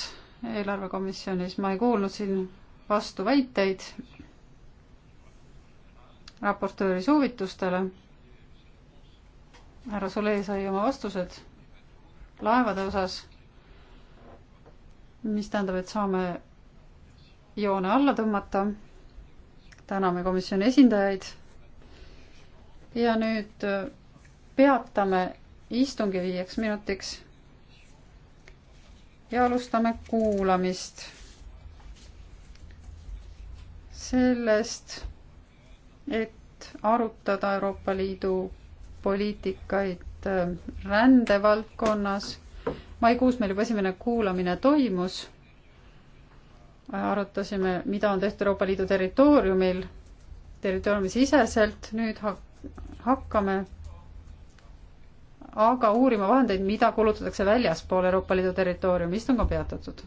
eelarvekomisjonis, ma ei kuulnud siin vastuväiteid raportööri soovitustele. härra Solee sai oma vastused laevade osas, mis tähendab, et saame joone alla tõmmata. täname komisjoni esindajaid. ja nüüd äh, peatame istungi viieks minutiks. ja alustame kuulamist. sellest, et arutada Euroopa Liidu poliitikaid äh, rändevaldkonnas. maikuus meil juba esimene kuulamine toimus arutasime, mida on tehtud Euroopa Liidu territooriumil, territooriumi siseselt, nüüd ha-, hakkame aga uurima vahendeid, mida kulutatakse väljaspool Euroopa Liidu territooriumi, istung on peatatud.